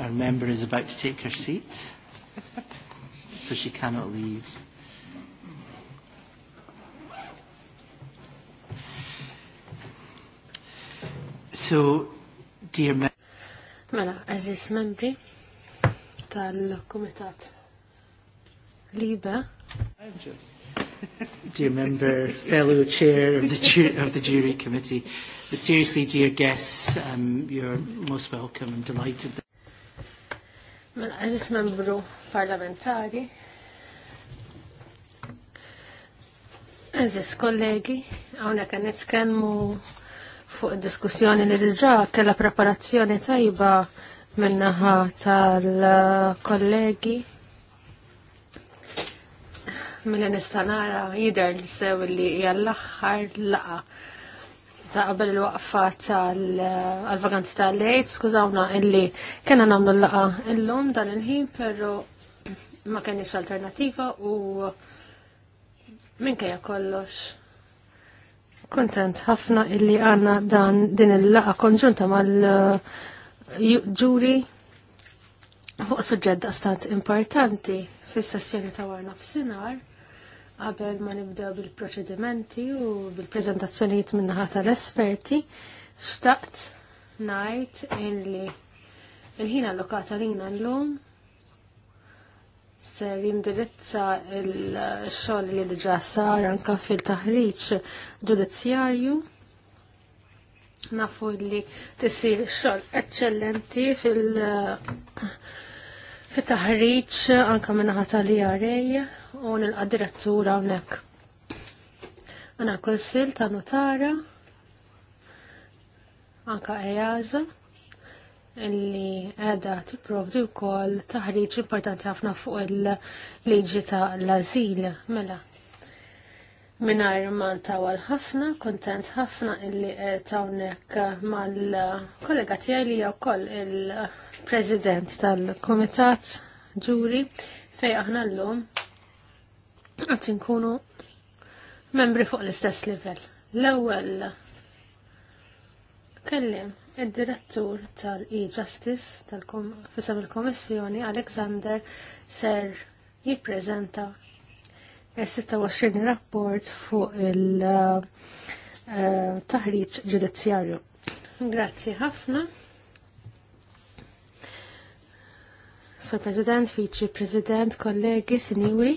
Our member is about to take her seat, so she cannot leave. So, dear me Mela, eżis membri tal komitat Libe. dear member, fellow chair of the, jury, of the jury committee, but seriously, dear guests, um, you're most welcome. and delighted that Mela, għazis membru parlamentari, għazis kollegi, għawna kan nitkenmu fuq diskussjoni li diġa kella preparazzjoni tajba minnaħa tal-kollegi. Mela nistanara jider li sew li hija l-aħħar laqa ta' qabel il-waqfa tal-vaganzi eh, ta' lejt skużawna illi kena namlu l-laqa illum dan il-ħin, pero ma kenix alternativa u minkejja kollox. Kontent ħafna illi għanna dan din il-laqa konġunta mal-ġuri eh, fuq suġġed stat importanti fis-sessjoni ta' f nafsinhar Qabel ma nibda bil-proċedimenti u bil-prezentazzjonijiet minnaħat tal-esperti, xtaqt najt illi il ħina lokata lina l-lum ser jindirizza il-xogħol li diġà sar anka fil-taħriġ ġudizzjarju nafu li tisir xogħol eċċellenti fil- fit taħriġ anka minnaħat tal-IRA u nil-qadirettura unnek. Għana konsil ta' notara, anka ejaza, illi għedha tipprovdi wkoll taħriġ importanti ħafna fuq il-liġi ta' l-azil mela. Minar man tawal ħafna, kontent ħafna illi tawnek mal-kollega tiegħi li wkoll il-President tal-Kumitat Ġuri fej aħna llum għat nkunu membri fuq l-istess livell. L-ewwel kellim id-direttur tal-e-justice tal-fisem il-Komissjoni Alexander ser jiprezenta il-26 rapport fuq il-taħriġ eh, ġudizzjarju. Grazzi ħafna. Sir President, Vice President, kollegi, sinjuri.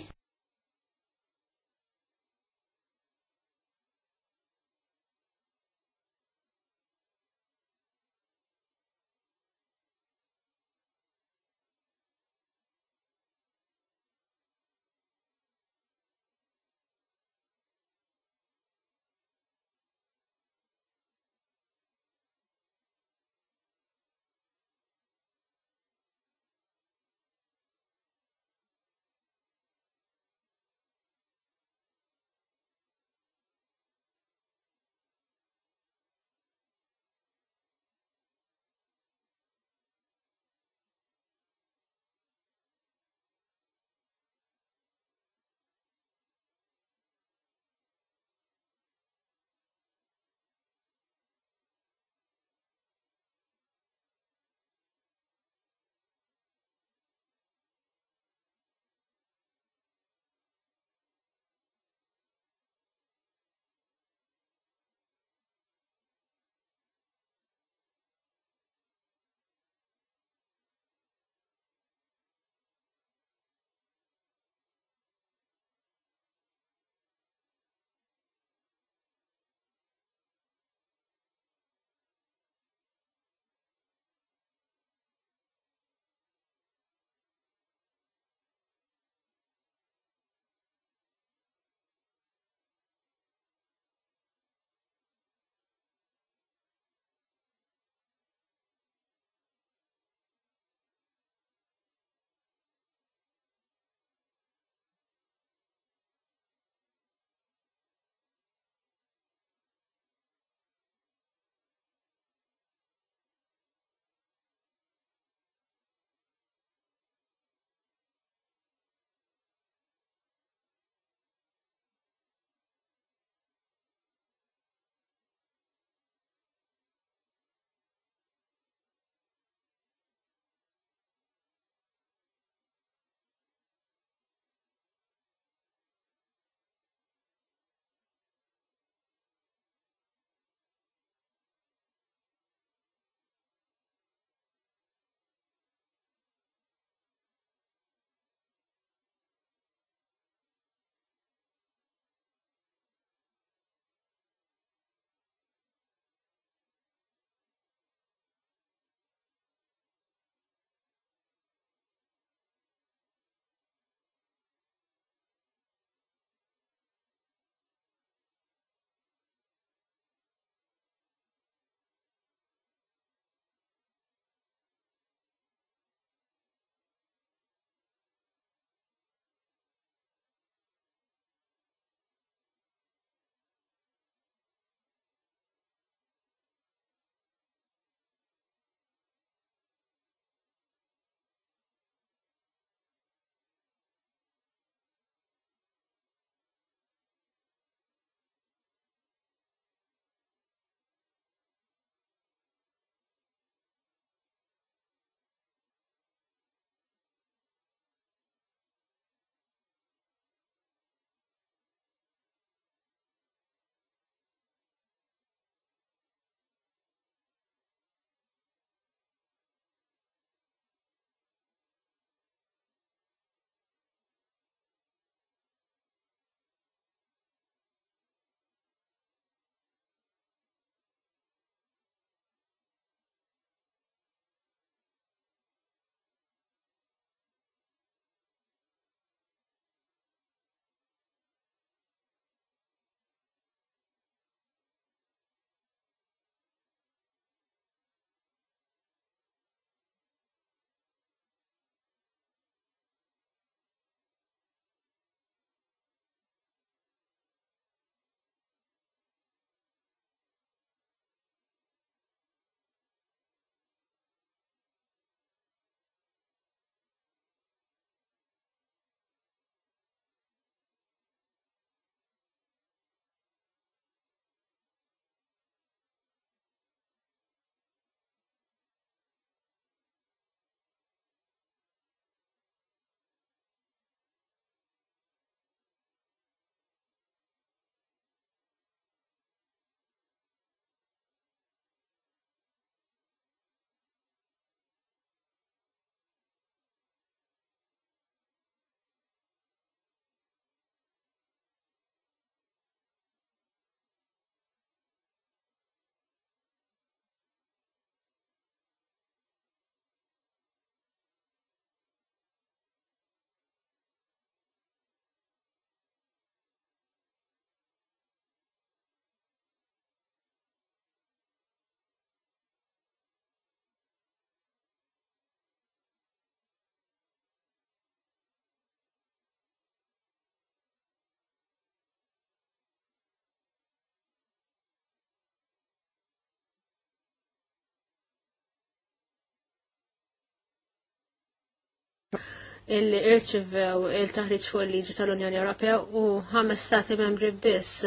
illi irċivew il-taħriġ fuq il-liġi tal-Unjoni Ewropea u ħames stati membri biss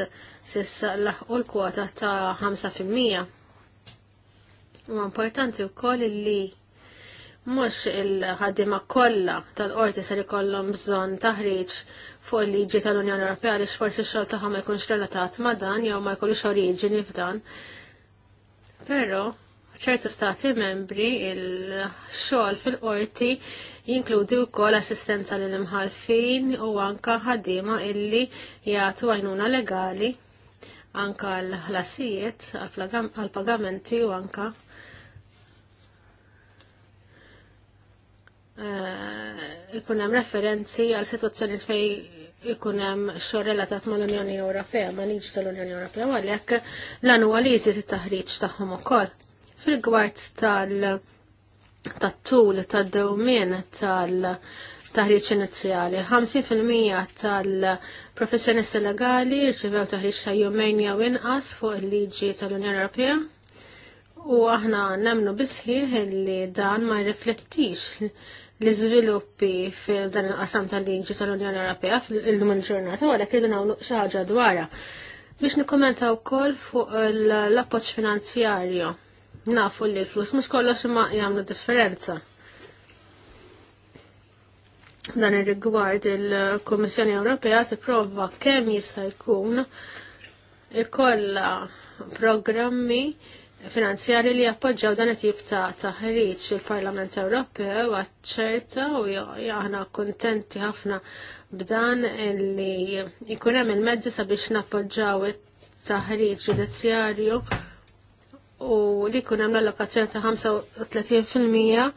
sissa laħqu l-kwota ta' 5%. U importanti wkoll li mhux il-ħaddiema kollha tal-qorti ser ikollhom bżonn taħriġ fuq il-liġi tal-Unjoni Ewropea li xforsi xogħol tagħhom ma jkunx relatat ma' dan jew ma jkollux oriġini f'dan. Però ċertu stati membri il-xogħol fil-qorti jinkludi wkoll assistenza lil imħalfin u anka ħaddiema illi jagħtu għajnuna legali anka l-ħlasijiet għal-pagamenti u anka eh, ikun hemm referenzi għal situazzjoni fej ikun hemm xor relatat mal-Unjoni Ewropea, ma l unjoni Ewropea, għalhekk l jizdiet il it-taħriġ tagħhom ukoll fil-gwart tal- tat-tul tad-dewmien tal- taħriġ inizjali. 50% tal-professjonisti legali rċivew taħriġ ta' jumejn jew inqas fuq il-liġi tal-Unjoni Ewropea u aħna nemnu bisħiħ li dan ma jirriflettix l iżviluppi f'dan il-qasam tal-liġi tal-Unjoni Ewropea fil-lum il-ġurnata u għalhekk rridu nagħmlu xi ħaġa dwarha. Biex nikkommenta wkoll fuq l-appoġġ finanzjarju Nafu li l-flus mux kollox ma jagħmlu differenza. Dan ir-rigward il-Kummissjoni Ewropea tipprova kemm jista' jkun ikolla programmi finanzjari li appoġġaw dan it-tip ta' taħriġ il-Parlament Ewropew għaċċerta u aħna kuntenti ħafna b'dan li jkun hemm il-mezzi sabiex nappoġġaw it-taħriġ ġudizzjarju u li kun hemm l-allokazzjoni ta' 35%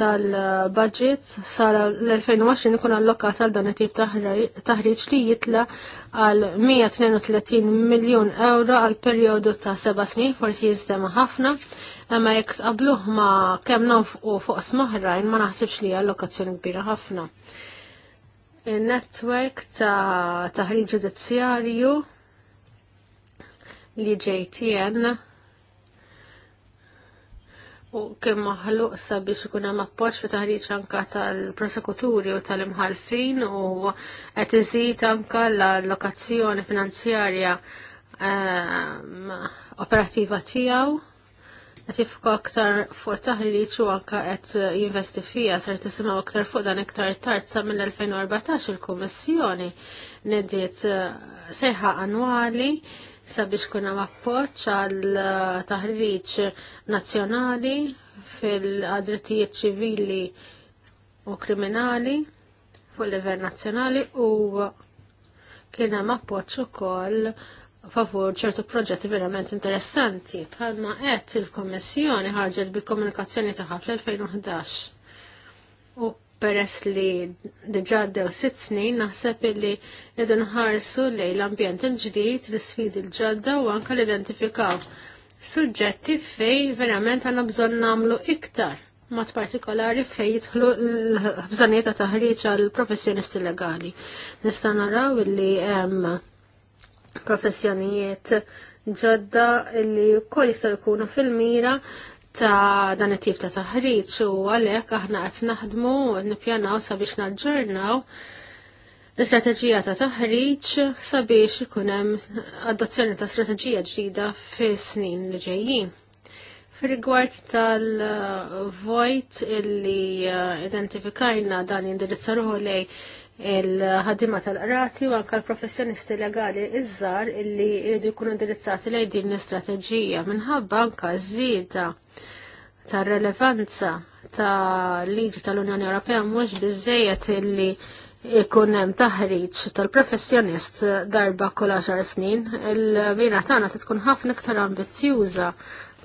tal-budget sara l-2020 ikun allokat għal dan it-tip taħriġ li jitla għal 132 miljon euro għal perjodu ta' seba' snin forsi jistema ħafna imma jekk tqabluh ma kemm nofqu fuq smaħrajn ma naħsibx li allokazzjoni kbira ħafna. Il-network ta' taħriġ ġudizzjarju li JTN u kemm maħluq sabiex ikun hemm appoġġ fi taħriġ anke tal-prosekuturi u tal-imħalfin u qed iżid anke l-allokazzjoni finanzjarja ehm, operattiva tiegħu qed jifka aktar fuq taħriġ u anke qed jinvesti fiha ser tisimgħu aktar fuq dan iktar tard sa mill-2014 il-Kummissjoni nediet eh, sejħa annwali sabiex kuna appoġġ għal eh, taħriġ nazzjonali fil-drittijiet ċivili u kriminali fuq livell nazzjonali u kien hemm appoġġ ukoll favur ċertu proġetti verament interessanti. Bħalma qed il-Kommissjoni ħarġet bil-komunikazzjoni taħħa fl-2011. U peress li diġà ddew sitt snin naħseb illi rridu nħarsu lejn l-ambjent il-ġdid, l sfid l-ġodda u anke l-identifikaw suġġetti fej verament għandna bżonn nagħmlu iktar mod partikolari fej jidħlu l-bżonnijiet ta' taħriġ għall professjonisti legali. Nista' naraw illi hemm professjonijiet ġodda illi wkoll jistgħu jkunu fil-mira ta' dan it-tip ta' taħriġ u għalhekk aħna qed naħdmu nippjanaw sabiex naġġornaw l-istrateġija ta' taħriġ sabiex ikun hemm adozzjoni ta' strateġija ġdida fis-snin li ġejjin. Fil-rigward tal-vojt illi eh, identifikajna dan jindirizza ruħu lej il-ħadima tal-qrati u anka l-professjonisti legali iż-żar illi jridu jkunu indirizzati lejn din l-istrateġija minħabba anka żieda ta' relevanza ta' liġi tal-Unjoni Ewropea mhux biżejjed illi ikun hemm taħriġ tal-professjonist darba kull 10 snin, il-mina tagħna tkun ħafna iktar ambizzjuża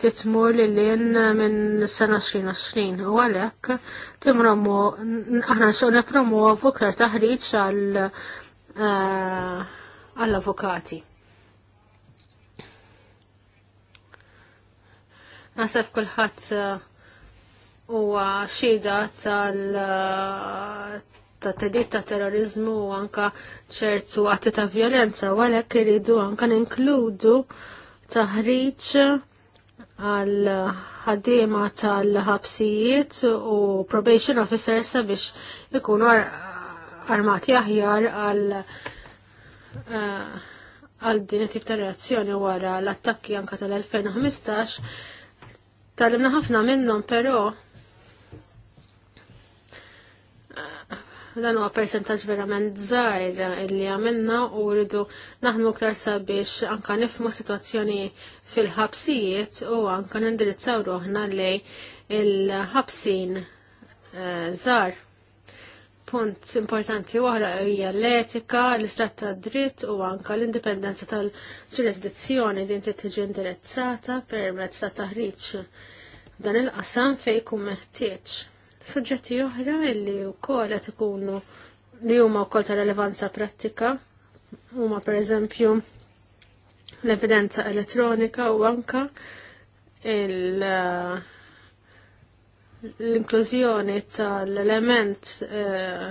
titmur li l-in minn s-sena 2020 u għalek timromu, aħna nxuq nepromu ktar taħriċ eh, għall-avukati. Nasab kullħat eh, huwa xhieda tal eh, ta' tedit ta' terrorizmu u anka ċertu għati ta' violenza, u għalek iridu anka ninkludu taħriċ għal ħaddiema tal-ħabsijiet u probation officers sabiex ikunu armati aħjar għal eh, għal din tip ta' reazzjoni wara l-attakki anka tal-2015 tal-imna ħafna minnhom però dan huwa percentaġġ verament żgħir li għamilna u rridu naħdmu aktar sabiex anka nifmu sitwazzjoni fil-ħabsijiet u anka nindirizzaw ruħna lejn il-ħabsin eh, żgħar. Punt importanti oħra hija l-etika, l-istrat ta' dritt u anka l-indipendenza tal-ġurisdizzjoni din tiġi indirizzata permezz ta' taħriġ dan il-qasam fejn jkun meħtieġ Suġġetti oħra li wkoll qed ikunu li huma wkoll ta' rilevanza prattika huma pereżempju l-evidenza elettronika u anka l-inklużjoni tal-element eh,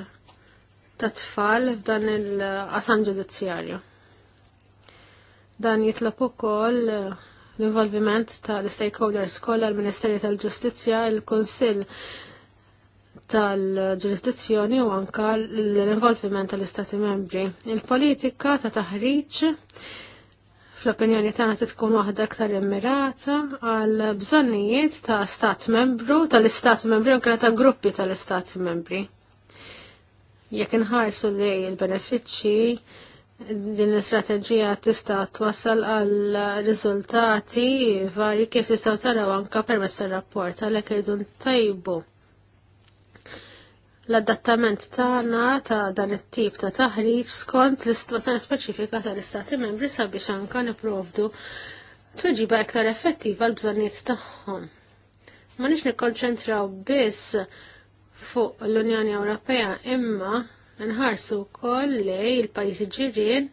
ta' tfal f'dan il-qasam ġudizzjarju. Dan jitlab ukoll eh, l-involviment tal-stakeholders kollha l-Ministeri tal-Ġustizzja, il-Kunsill tal-ġurisdizzjoni u anka l-involviment tal-Istati membri. Il-politika ta' taħriġ fl-opinjoni tagħna tkun waħda aktar immirata għal bżonnijiet ta' stat membru, tal-istat membri u ta' gruppi tal-istat membri. Jekk inħarsu lej il-benefiċċji din l-istrateġija tista' twassal għal riżultati varji kif tistgħu taraw anke permezz tar-rapport għalhekk irdu ntajbu l-adattament tagħna ta' dan it-tip ta' taħriġ skont l-istituzzjoni speċifika tal-Istati membri sabiex anka nipprovdu tweġiba iktar effettiva l-bżonniet tagħhom. Ma nix nikkonċentraw biss fuq l-Unjoni Ewropea imma nħarsu wkoll lej il-pajjiżi ġirien,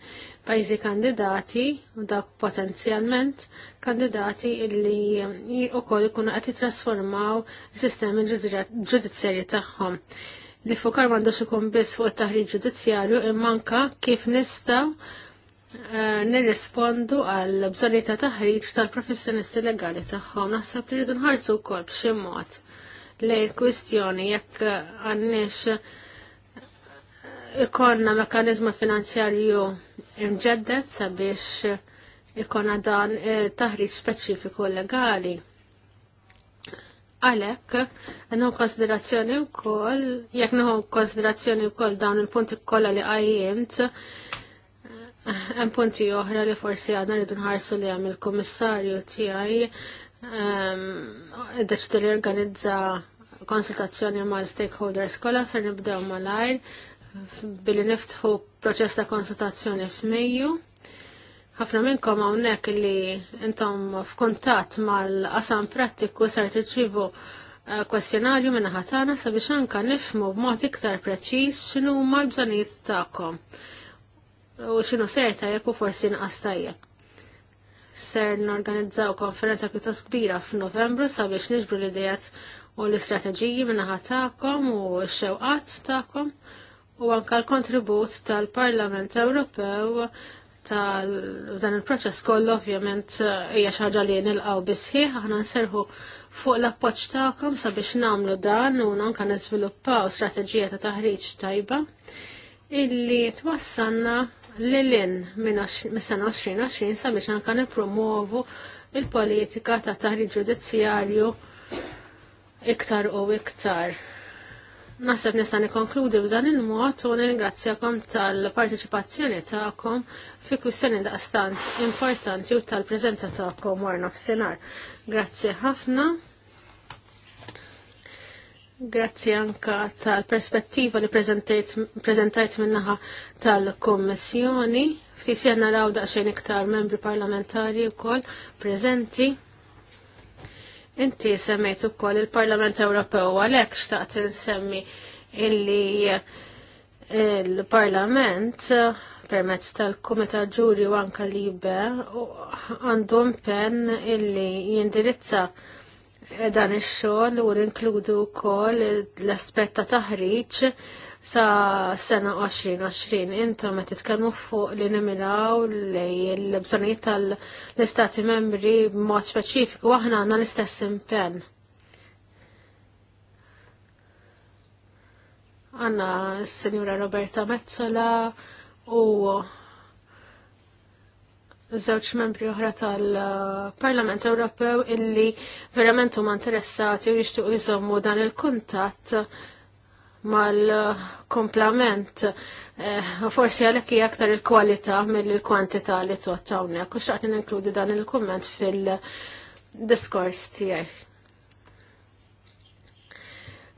pajzi kandidati u dak potenzjalment kandidati illi wkoll ikunu qed jitrasformaw is-sistemi ġudizzjarji tagħhom li fukar mandu ikun biss fuq it-taħriġ ġudizzjarju imma anka kif nistgħu eh, nirrispondu għal bżonni ta' taħriġ tal-professjonisti legali tagħhom. Naħseb li rridu nħarsu wkoll b'xi mod lejn kwistjoni jekk għandniex eh, ikonna mekkaniżmu finanzjarju imġeddet sabiex ikonna dan eh, taħriġ speċifiku legali. Għalek, għanu konsiderazzjoni u koll, jek nħu konsiderazzjoni u koll dawn il-punti kolla li għajjimt, hemm punti oħra li forsi għadna rridu nħarsu li għam il-komissarju tiegħi ehm, id deċtu li organizza konsultazzjoni mal stakeholders kollha ser nibdew malajr billi niftħu proċess ta' konsultazzjoni f'Mejju ħafna minnkom hawnhekk li intom f'kuntatt mal-qasam prattiku sar tirċivu eh, kwestjonarju minna ħatana sabiex anka nifmu b'mod iktar preċiż x'inhu huma l-bżonijiet tagħkom u x'inhu ser tajjeb u forsi inqas tajjeb. Ser norganizzaw konferenza pjuttost kbira f'Novembru sabiex niġbru l-idejat u l-istrateġiji minna ħatakom u x-xewqat tagħkom u anka l-kontribut tal-Parlament Ewropew tal-dan il-proċess kollu ovvjament eh, hija xi ħaġa li nilqgħu bisħieħ aħna nserħu fuq l-appoġġ tagħkom sabiex nagħmlu dan u anke niżviluppaw strateġija ta' taħriġ tajba illi twassalna lilin minn mis-sena 2020 sabiex anke nippromovu il-politika ta' taħriġ ġudizzjarju iktar u iktar. Nasab nista' nikkonkludi b'dan il-mod u nirringrazzjakom tal-parteċipazzjoni tagħkom fi kwistjoni daqstant importanti u tal-preżenza tagħkom war nofsinhar. Grazzi ħafna. Grazzi anka tal-perspettiva li preżentajt minnaħa tal-Kommissjoni. Ftit naraw daqsxejn iktar membri parlamentari wkoll preżenti. Inti semmejt ukoll il-Parlament Ewropew għalhekk xtaqt insemmi illi eh, il-Parlament permezz tal-Kumitat Ġuri u anka Libe għandhom pen illi jindirizza eh, dan ix-xogħol u rinkludu wkoll l-aspett ta' taħriġ sa sena 2020 intom qed titkellmu fuq li nimilaw li l-bżonijiet tal-istati membri b'mod speċifiku aħna għandna l-istess impenn. Għanna s-Sinjura Roberta Mezzola u żewġ membri oħra tal-Parlament Ewropew illi verament huma interessati u jixtiequ iżommu dan il-kuntatt mal-komplament. Eh, forsi għalek hija aktar il-kwalità mill-kwantità li tott hawnhekk u xaqt inkludi dan il-kumment fil-diskors tiegħi.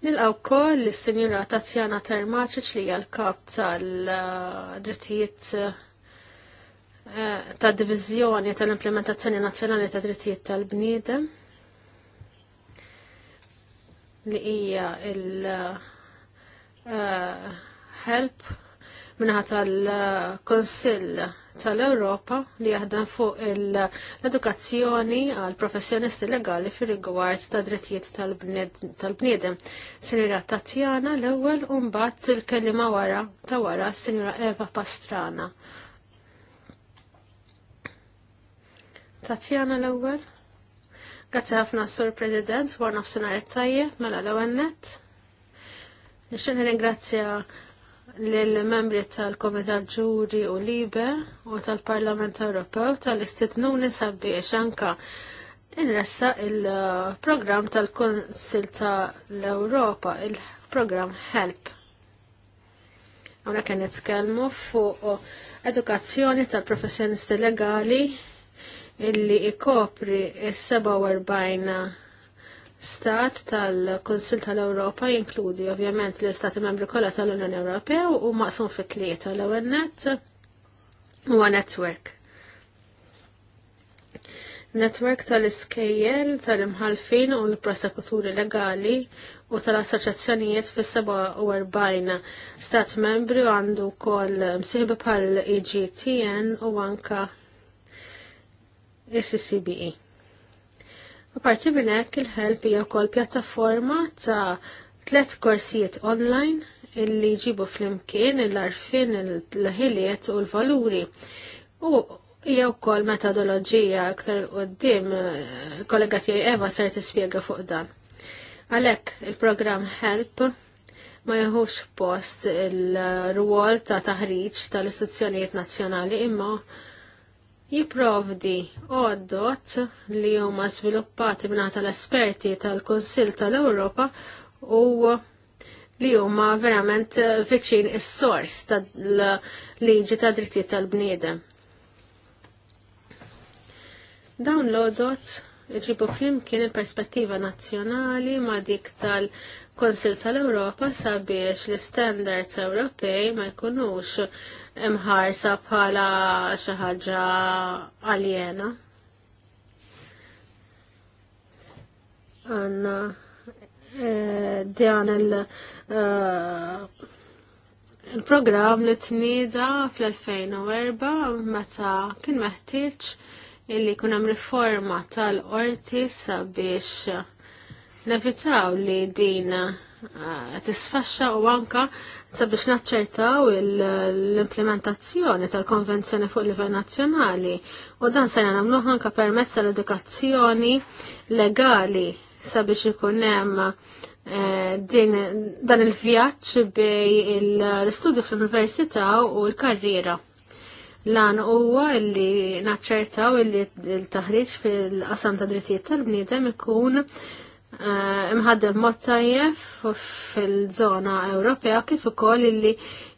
Nilqaw koll is-Sinjura Tatjana Termaċiċ li hija l-kap tal-drittijiet eh, tad diviżjoni tal-implementazzjoni nazzjonali ta' drittijiet tal-bniedem li hija il- Eh, help minna tal-Konsill tal-Europa li jaħdem fuq l-edukazzjoni għal professjonisti legali fir rigward ta' drittijiet tal-bniedem. Sinjora Tatjana l-ewwel u mbagħad il-kelima wara ta' wara Sinjora Eva Pastrana. Tatjana l-ewwel. grazie ħafna Sur President, war nofsinhar tajjeb mela l-ewwel nett. Nixen ringrazzja lill-membri tal-Komitat Ġuri u Libe u tal-Parlament Ewropew tal-istitnuni sabiex anka inressa il-programm tal-Konsil tal-Europa, il-programm HELP. Għuna kien nitkellmu fuq edukazzjoni tal-professjonisti legali illi ikopri seba 47 stat tal-Konsil tal-Ewropa jinkludi ovvjament l-istati membri kollha tal-Unjoni Ewropea u maqsum fit tlieta l-ewwel net huwa network. Network tal-iskejjel tal-imħalfin u l-prosekuturi legali u tal-assoċjazzjonijiet fis-47 stat membri u għandu wkoll msieħba bħal EGTN u anka SCBE. U minn hekk il-ħelp hija wkoll pjattaforma ta' tliet korsijiet online illi jġibu flimkien il-arfin il-ħiliet u l-valuri. U hija wkoll metodoloġija aktar qudiem kollega tiegħi Eva ser tispjega fuq dan. Għalhekk il-programm Help ma jħux post il-rwol ta' taħriġ tal-istituzzjonijiet nazzjonali imma jiprovdi oddot li huma sviluppati minn tal-esperti tal-Kunsill tal-Ewropa u li huma verament viċin is-sors tal-liġi ta' drittijiet tal-bniedem. Dawn l oddot iġibu flimkien il-perspettiva nazzjonali ma' dik tal- Konsil tal-Ewropa sabiex l istandards Ewropej ma jkunux imħarsa bħala xi ħaġa aljena. Anna eh, dan il eh, programm li tnida fl-2004 meta kien meħtieġ illi jkun hemm riforma tal-qorti sabiex nevitaw li din eh, tisfaxxa u anka sabiex naċċertaw l-implementazzjoni tal-konvenzjoni fuq livell nazzjonali u dan se nagħmlu anka permezz tal-edukazzjoni legali sabiex ikun hemm eh, dan il-vjaġġ bej l-istudju fl-università u l-karriera. Lan huwa li naċċertaw li l-taħriġ fil-qasam ta' drittijiet tal-bniedem ikun Eh, imħaddem mod tajjeb fil-żona Ewropea kif ukoll illi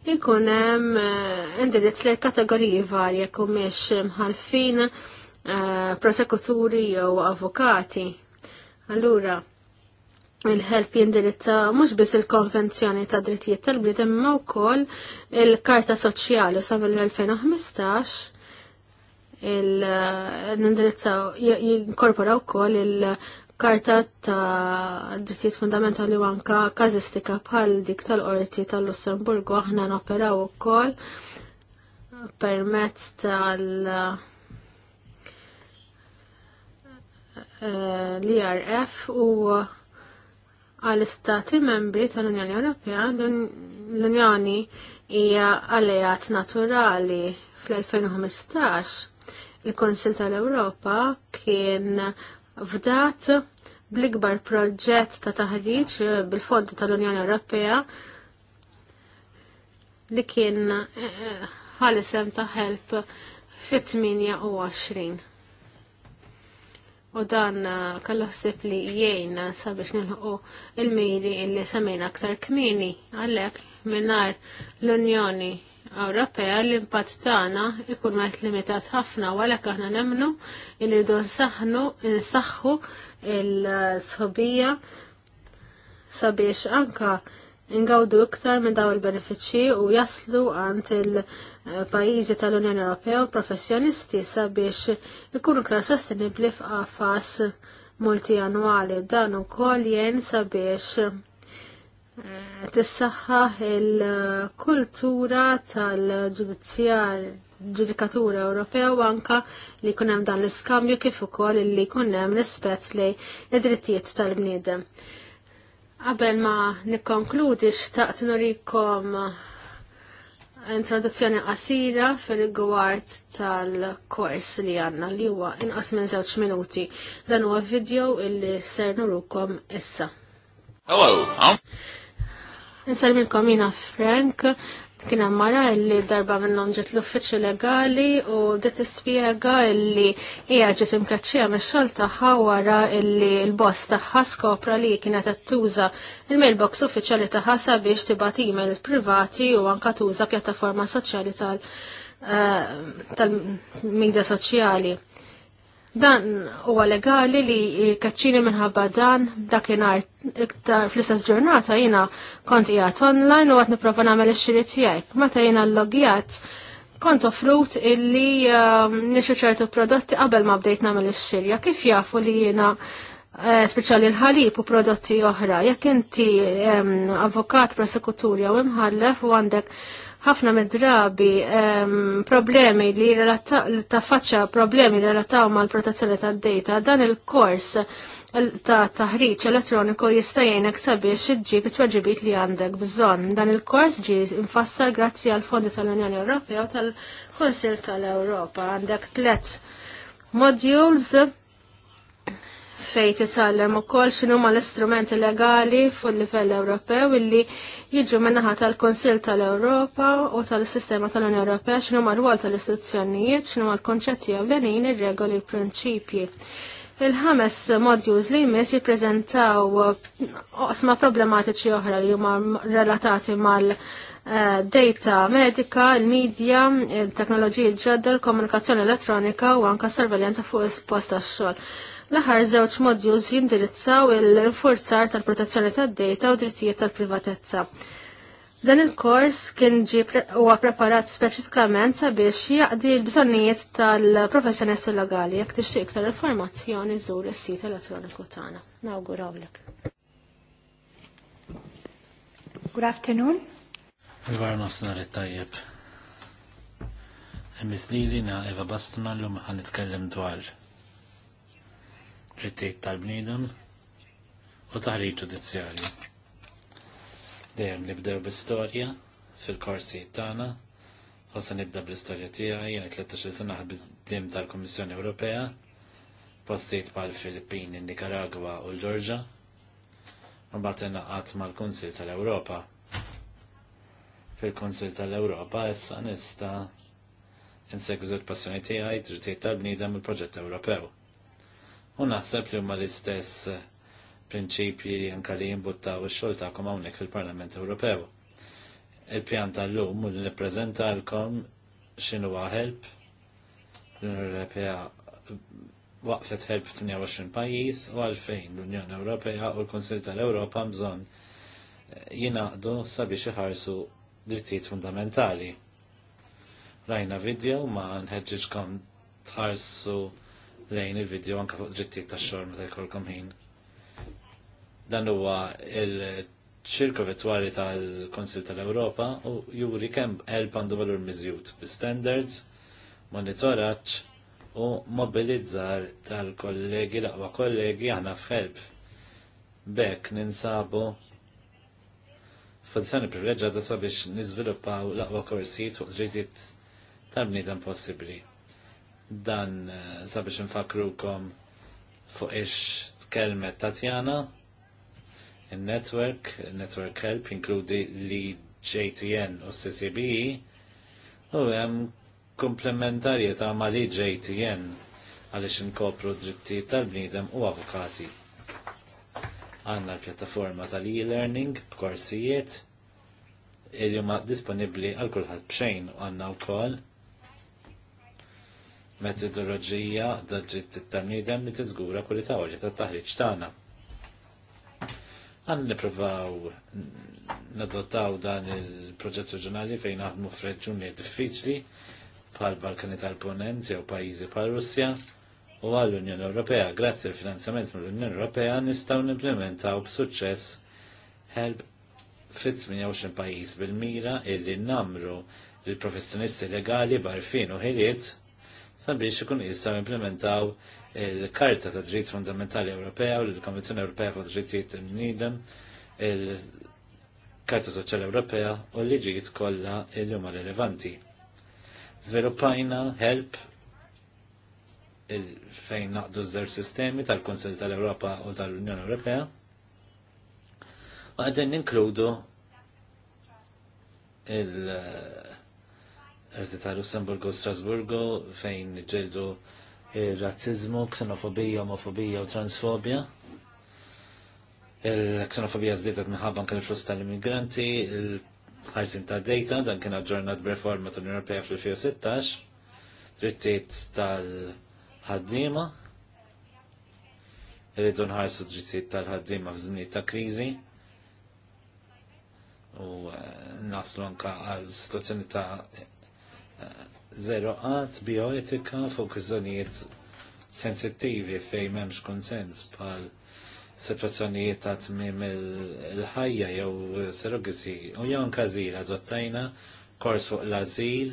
jkun hemm eh, indirizz lejn kategoriji varji jekk mhix mħalfin eh, prosekuturi jew avukati. Allura, il-ħelp jindirizza mhux biss il-Konvenzjoni ta' Drittijiet tal-Bniedem imma wkoll il-Karta Soċjali sa mill-2015 il-indirizza jinkorpora wkoll -il karta ta' drittijiet fundamentali u anka kazistika bħal dik tal-qorti tal-Lussemburgu aħna noperaw ukoll permezz tal- l-IRF u għal-istati membri tal-Unjoni Ewropea l-Unjoni hija alleat naturali fl-2015 il-Konsil tal-Ewropa kien fdat bl-ikbar proġett ta' taħriġ bil-fondi tal-Unjoni Ewropea li kien eh, ħalisem ta' help fit-28. U dan eh, kallu ħsib li jgħin sabiex nilħu il-miri illi semmejna aktar kmini għalek minnar l-Unjoni Ewropea l-impatt tagħna ikun wieħed limitat ħafna u għalhekk nemnu nemmnu li rridu nsaħħnu nsaħħu l-sħobija sabiex anka ingawdu iktar minn dawn il-benefiċċji u jaslu għand il-pajjiżi tal-Unjoni Ewropea u professjonisti sabiex ikunu iktar sostenibbli f'qafas multianwali dan ukoll jgħin sabiex tissaħħaħ il-kultura tal-ġudizzjar ġudikatura Ewropew u anka li jkun hemm dan l-iskambju kif ukoll li jkun hemm rispett li id-drittijiet tal-bniedem. Qabel ma nikkonkludi xtaqt nurikom introduzzjoni qasira fir-rigward tal-kors li għandna li huwa inqas minn żewġ minuti. Dan huwa video illi ser nurukom issa. Hello. huh? Nsalmilkom jina Frank, kien hemm mara li darba minnhom ġiet l-uffiċċju legali u dit spiega li hija ġiet imkaċċija mix-xogħol tagħha wara li l-boss tagħha skopra li kienet qed tuża il-mailbox uffiċjali tagħha sabiex tibgħat email privati u anka tuża pjattaforma soċjali tal- eh, tal-medja soċjali. Dan huwa legali li kaċċini minħabba dan dakinhar iktar fl-istess ġurnata jiena kont qiegħed online u qed nipprova nagħmel ix-xiri tiegħi. Meta jiena llogjat kont offrut illi um, nixu ċertu prodotti qabel ma bdejt nagħmel ix-xirja. Kif jafu li jiena eh, speċjali l-ħalib u prodotti oħra. Jekk inti avukat, prosekutur jew imħallef u għandek ħafna medrabi um, problemi li taffaċċa problemi li relataw mal-protezzjoni tad-data, dan il-kors ta' taħriġ elettroniku jista' sabiex iġġib it-tweġibiet li għandek bżonn. Dan il-kors ġi infassal grazzi għal fondi tal-Unjoni Ewropea u tal konsil tal-Ewropa. Għandek tlet modules fej titgħallem ukoll x'inhu ma l-istrumenti legali fuq livell Ewropew illi jiġu minnaħa tal-Konsil tal-Ewropa u tal-Sistema tal-Unjoni Ewropea x'inhu ma rwol tal-istituzzjonijiet, x'inhu l-konċetti ewlenin, ir-regoli, l-prinċipji. Il-ħames modjuż li jmiss jippreżentaw oqsma problematiċi oħra li huma relatati mal eh, data medika, il-medja, il-teknoloġiji ġodda, il-komunikazzjoni elettronika u anka sorveljanza fuq il posta tax-xogħol. L-aħħar żewġ modjuż jindirizzaw il-rinforzar tal-protezzjoni tad-data u drittijiet tal-privatezza. Dan il-kors kien ġi huwa preparat speċifikament sabiex jaqdi l-bżonnijiet tal-professjonisti legali jekk tixtieq iktar informazzjoni żur is-sit elettroniku tagħna. Nawgurawlek. Good afternoon. Il-var nofsnar it-tajjeb. na Eva Bastuna l-lum għan nitkellem dwar drittijiet tal-bniedem u taħriġ ġudizzjarju. Dejjem nibdew bl-istorja fil-korsi tagħna u nibdew nibda bl-istorja tiegħi jiena 13 sena ħbiddim tal-Kummissjoni Ewropea postijiet bħal in-Nikaragwa u l-Ġorġa u mbagħad ingħaqad mal-Kunsil tal-Ewropa. Fil-Kunsil tal-Ewropa issa nista' insegwi passjoni tiegħi drittijiet tal-bniedem u l-proġett Ewropew U naħseb li huma l-istess eh, prinċipji anka li jimbuttaw ix-xogħol tagħkom hawnhekk fil-Parlament Ewropew. Il-pjan tal-lum u li nippreżentalkom x'inhu help l-Unjoni Ewropea waqfet help 28 pajjiż u għalfejn l-Unjoni Ewropea u l-Kunsil tal-Ewropa bżonn eh, jingħaqdu sabiex iħarsu drittijiet fundamentali. Rajna video ma nħedġiġkom tħarsu lejn il-video anka fuq drittijiet tax-xogħol meta jkollkom ħin. Dan huwa il-ċirko virtwali tal-Konsil tal-Ewropa u juri kemm help għandu valur miżjud bi standards, monitoraġġ u mobilizzar tal-kollegi l-aqwa kollegi aħna f'ħelp. Bek ninsabu f'pożizzjoni privileġġjata sabiex niżviluppaw l-aqwa korsijiet fuq drittijiet tal-bniedem possibbli dan eh, sabiex nfakrukom fuq ix tkelmet Tatjana il-network, network help inkludi li JTN u CCBE u hemm komplementarjetà ma li JTN għaliex nkopru dritti tal-bniedem u avukati. Għanna l-pjattaforma tal-e-learning b'korsijiet il jumma disponibbli għal kulħadd bxejn u għandna wkoll metodoloġija da ġitt tal-nidem li tiżgura zgura għolja ta' taħriġ tagħna. Għan niprofaw nadottaw dan il-proġett reġjonali fejn f f'reġjuni diffiċli pal Balkani tal ponenti jew pajjiżi pal Russja u għall unjoni Ewropea grazzi l finanzjament mill-Unjoni Ewropea nistgħu b b'suċċess help fit-28 pajjiż bil-mira illi namru lill professjonisti legali barfin u ħiliet sabiex ikun jistgħu implementaw il-Karta ta' Dritt Fundamentali Ewropea u l-Konvenzjoni Ewropea fuq Drittijiet Nidem, il-Karta Soċjali Ewropea u l-liġijiet kollha l huma rilevanti. Żviluppajna help fejn naqdu żewġ sistemi tal-Konsell tal-Ewropa u tal-Unjoni Ewropea. U qegħdin ninkludu il- Rti ta' Lussemburgo, u Strasburgu fejn ġildu il-razzizmu, ksenofobija, omofobija u transfobija. Il-ksenofobija zdietet minħabba anke l-flus tal-immigranti, il-ħarsin ta' data, dan kien ġurnat b'reforma tal-Unjoni Ewropea fl-2016, drittiet tal ħaddima irridu nħarsu drittiet tal ħaddima f'żminijiet ta' kriżi u eh, naslu anka għal situazzjoni ta' zero għat bioetika fuq iż-żonijiet sensittivi fejn m'hemmx konsens bħal situazzjonijiet ta' tmiem il-ħajja jew surrogacy u jew każil adottajna kors fuq l-azil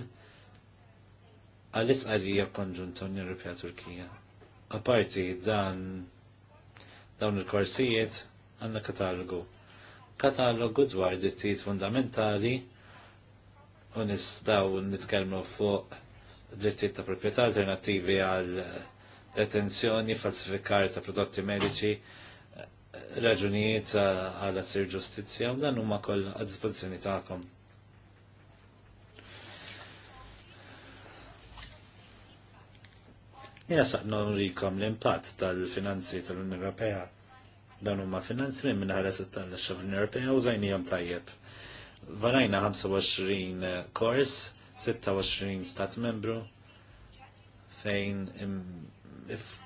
għall-isqarrija konġunta Unjoni Ewropea Turkija. Aparti dan dawn il-korsijiet għandna katalogu. Katalogu dwar drittijiet fundamentali u nitkelmu nitkellmu fuq drittijiet ta' proprjetà alternattivi għal eh, detenzjoni, falsifikar ta' prodotti mediċi, eh, raġunijiet għal sir ġustizzja u dan huma koll għad dispożizzjoni tagħkom. Jena saqna nurikom l-impatt tal-finanzi tal-Unjoni Ewropea. Dan huma finanzi minn ħares tal-Unjoni Ewropea u żajnijom tajjeb varajna 25 eh, kors, 26 stat membru, fejn if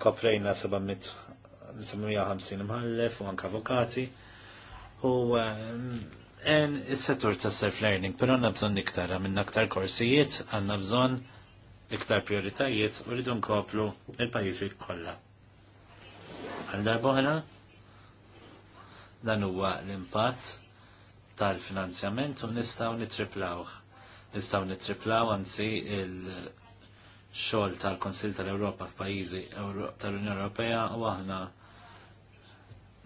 koprejna 750 mħallef u anka avokati. U eh, en il-settur ta' self-learning, pero għanna bżon iktar, għamilna aktar korsijiet, għanna bżon iktar prioritajiet u rridu nkoplu il-pajizi kolla. Għal darbohra, dan huwa l-impatt tal-finanzjament u nistaw nitriplawħ. Nistaw nitriplaw għanzi il-xol tal-Konsil tal-Europa f'pajizi tal-Unjoni Ewropea u aħna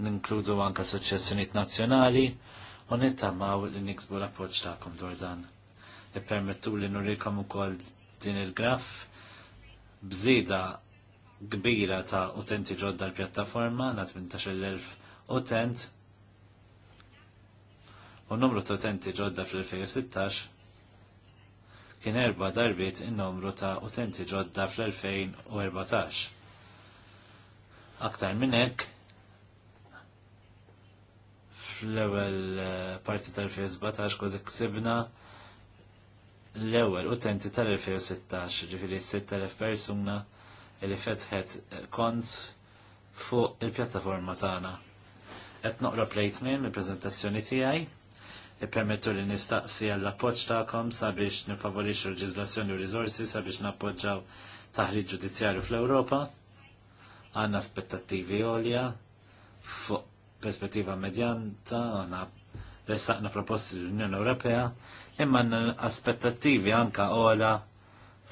ninkludu għanka soċjazzjoniet nazzjonali u nittamaw li niksbu l-appoġġ tagħkom dwar dan. Ippermettu li nurikom ukoll din il-graf bżida kbira ta' utenti ġodda l-pjattaforma na 18,000 utent u numru ta' utenti ġodda fl-2016 kien erba darbiet in-numru ta' utenti ġodda fl-2014. Aktar minn hekk fl-ewwel eh, parti tal-2017 kważi ksibna l-ewwel utenti tal-2016 ġifiri 6000 persuna li fetħet eh, kont fuq il-pjattaforma tagħna. Qed noqra plejt minn mill-preżentazzjoni tiegħi permettu li nistaqsi għall appoġġ tagħkom sabiex nifavorixxu l-ġiżlazzjoni u risorsi sabiex nappoġġaw taħriġ ġudizzjarju fl-Ewropa. Għandna aspettattivi għolja fuq perspettiva medjanta, għandna ressaqna proposti l-Unjoni Ewropea, imma għanna aspettattivi anka għola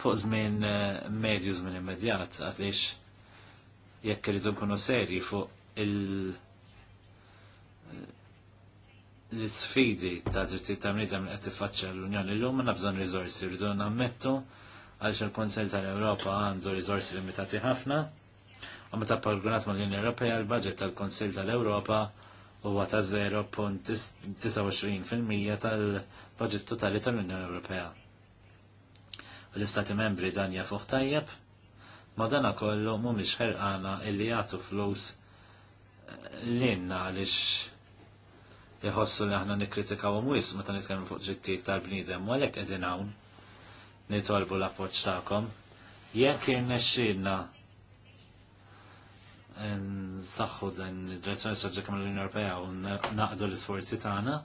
fuq żmien eh, medju zmin immedjat għaliex jekk rridu nkunu serji fuq il- l-sfidi ta' drittijiet ta' mnidem minn qed tiffaċċja l-Unjoni llum għandna bżonn riżorsi rridu nammettu għaliex il-Kunsell tal-Ewropa għandu riżorsi limitati ħafna. U meta paragunat mal-Unjoni Ewropea l-budget tal-Kunsell tal-Ewropa huwa ta' 0.29% tal-budget totali tal-Unjoni Ewropea. L-Istati membri dan jafuħ tajjeb, ma dan kollu mhumiex ħerqana illi jagħtu flus l-inna għaliex jħossu li aħna u mwis meta nitkellmu fuq ġittib tal-bniedem u għalhekk qegħdin hawn nitolbu l-appoġġ tagħkom. Jekk n-saxħu dan id-direzzjoni soġġa kemm l-Unjoni Ewropea u naqdu l-isforzi tagħna,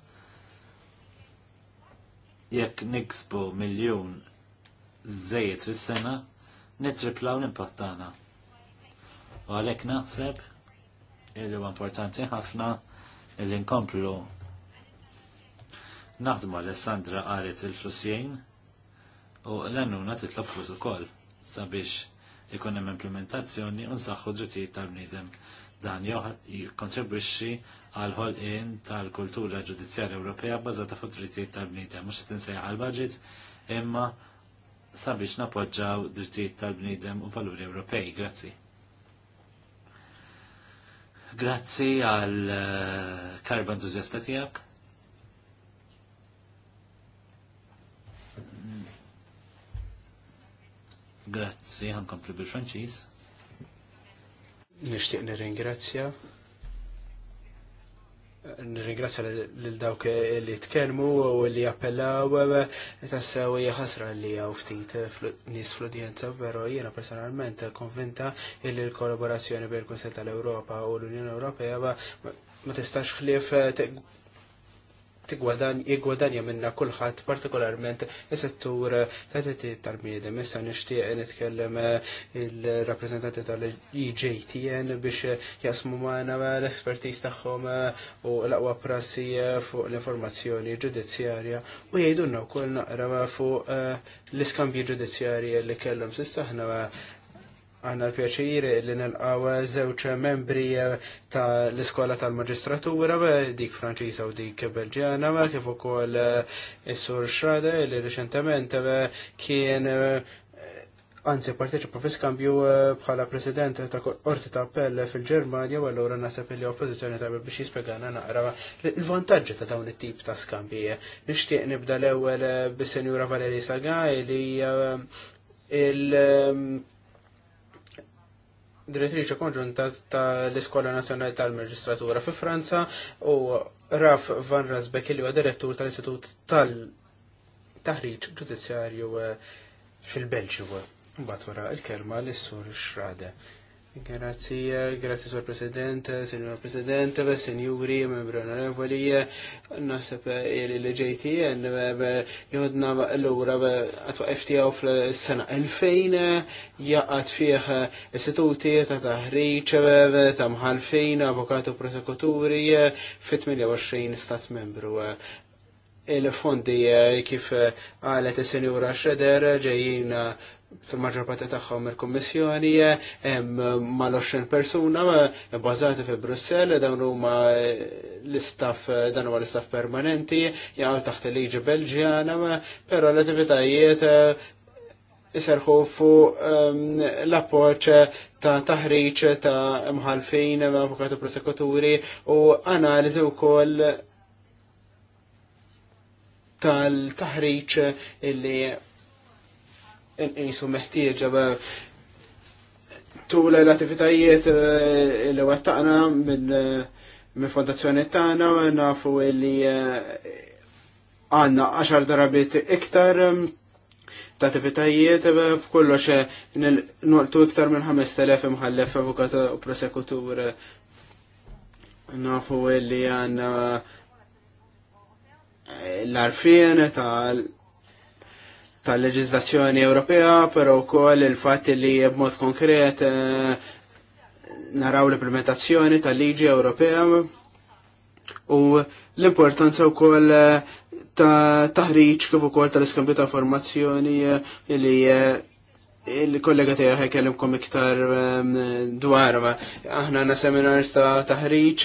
jekk niksbu miljun żejjed fis-sena, nitriplaw l-impatt tagħna. U għalhekk naħseb illi huwa importanti ħafna Il nkomplu naħdmu Alessandra qalet il-flussjien u l-annuna titlob flus ukoll sabiex ikun hemm implementazzjoni u nsaħħu drittijiet tal-bniedem dan jikkontribwixxi għal ħolqien tal-kultura ġudizzjarja Ewropea bażata fuq drittijiet tal-bniedem mhux qed insejjaħ għal budget imma sabiex napoġġaw drittijiet tal-bniedem u valuri Ewropej. Grazzi. Grazzi għal eh, karba entuzjasta tijak. Grazzi, għan kompli bil-Franċis. Nishtiq nirringrazzja Nirringrazzja lil dawk li tkellmu u li appellaw tassew hija ħasra li hawn ftit nies fl-udjenza, però jiena personalment konvinta li l-kollaborazzjoni bejn il-Kunsell tal-Ewropa u l-Unjoni Ewropea ma tistax ħlief jigwadanja minna kulħadd partikolarment is-settur ta' tittit tal-bniedem. Issa nixtieq nitkellem eh, il-rappreżentanti tal-EJTN biex jasmu ma' l ekspertiz tagħhom eh, u l-aqwa prassi eh, fuq l-informazzjoni ġudizzjarja u u wkoll naqra fuq l-iskambji ġudizzjarji li kellhom s'issa aħna għanna l-pjaċir li nil-għaw zewċ membri eh, ta' l-Iskola tal-Magistratura, eh, dik Franċiża u dik ma' eh, kif ukoll is-Sur Xrada li riċentement kien anzi parteċipa fi skambju bħala president ta' orti ta' appell fil-Ġermanja, u allura nasab li oppożizzjoni ta' biex jispjegana naqra il-vantaġġi ta' dawn it-tip ta' skambji. Nixtieq nibda l-ewwel bis-Senjura Valeri Saga li il- direttrice konġunta tal-Iskola Nazzjonali tal-Magistratura fi Franza u Raf Van Rasbek li huwa direttur tal-Istitut tal-Taħriġ Ġudizzjarju eh, fil-Belġju. Mbagħad wara l kelma l sur Xrade. Grazie, grazie Sor Presidente, Signor Presidente, Signori, Membri Onorevoli, Nasep il-JTN, jodna l-ura FTO fl-sena 2000, jaqat fieħ istituti ta' taħriċ, ta' mħalfin, avokatu prosekuturi, fit-28 stat membru il-fondi eh, kif għalet il-senjura Shredder ġejjina fil-maġġor parti tagħhom il-Kummissjoni hemm mal-20 persuna eh, bbażati fi Brussell dawn huma eh, l-istaff eh, dan huwa l-istaff permanenti jew taħt il-liġi Belġjana, però l-attivitajiet iserħu fuq ehm, l-appoċ ta' taħriċ ta' mħalfin, avukatu prosekuturi u analizi u koll tal-taħriċ illi Inqisu meħtieġa tul l-attivitajiet eh, li wattaqna eh, minn fondazzjoni tagħna nafu li eh, għandna għaxar darabiet iktar ta' mm, attivitajiet f'kollox noltu iktar minn 5000 imħallef avukat u prosekutur nafu li għanna l-arfien ta' tal-leġizlazzjoni Ewropea, pero wkoll il-fatt li b'mod konkret eh, naraw l-implementazzjoni tal-liġi Ewropea u l-importanza wkoll eh, ta' taħriġ kif ukoll tal-iskambju ta' formazzjoni eh, li il-kollega tiegħek ħekellimkom iktar dwar. Aħna għandna seminars ta' taħriġ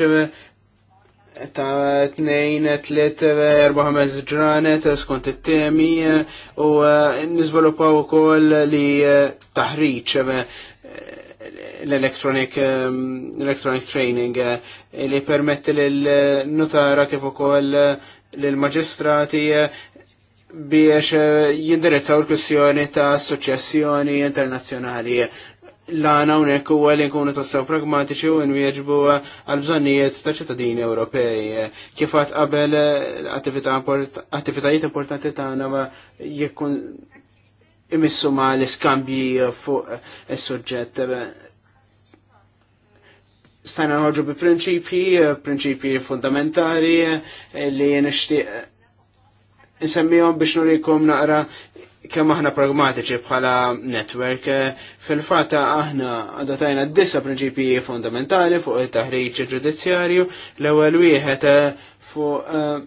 ta' t 3, 4, 5 ġranet skont it-temi u eh, nizvolupaw ukoll li eh, taħriċ eh, l-electronic ehm, training li permetti l-notara kif ukoll l-maġistrati biex jindirizzaw l kussjoni ta' soċessjoni internazzjonali l-għana unek u għalli nkunu tassaw pragmatiċi u nwieġbu għal-bżonnijiet ta' ċittadini Ewropej. Kifat qabel attivitajiet importanti ta' għana jekkun imissu ma' l-iskambji fuq il-sujġet. Stajna nħoġu bi prinċipji, prinċipji fundamentali li nishtiq nsemmijom biex nurikom naqra kemm aħna pragmatiċi bħala network, eh, fil-fatta aħna għadatajna d-dissa prinċipji fundamentali fuq il-taħriġ ġudizzjarju, l-ewwel wieħed eh, fuq eh,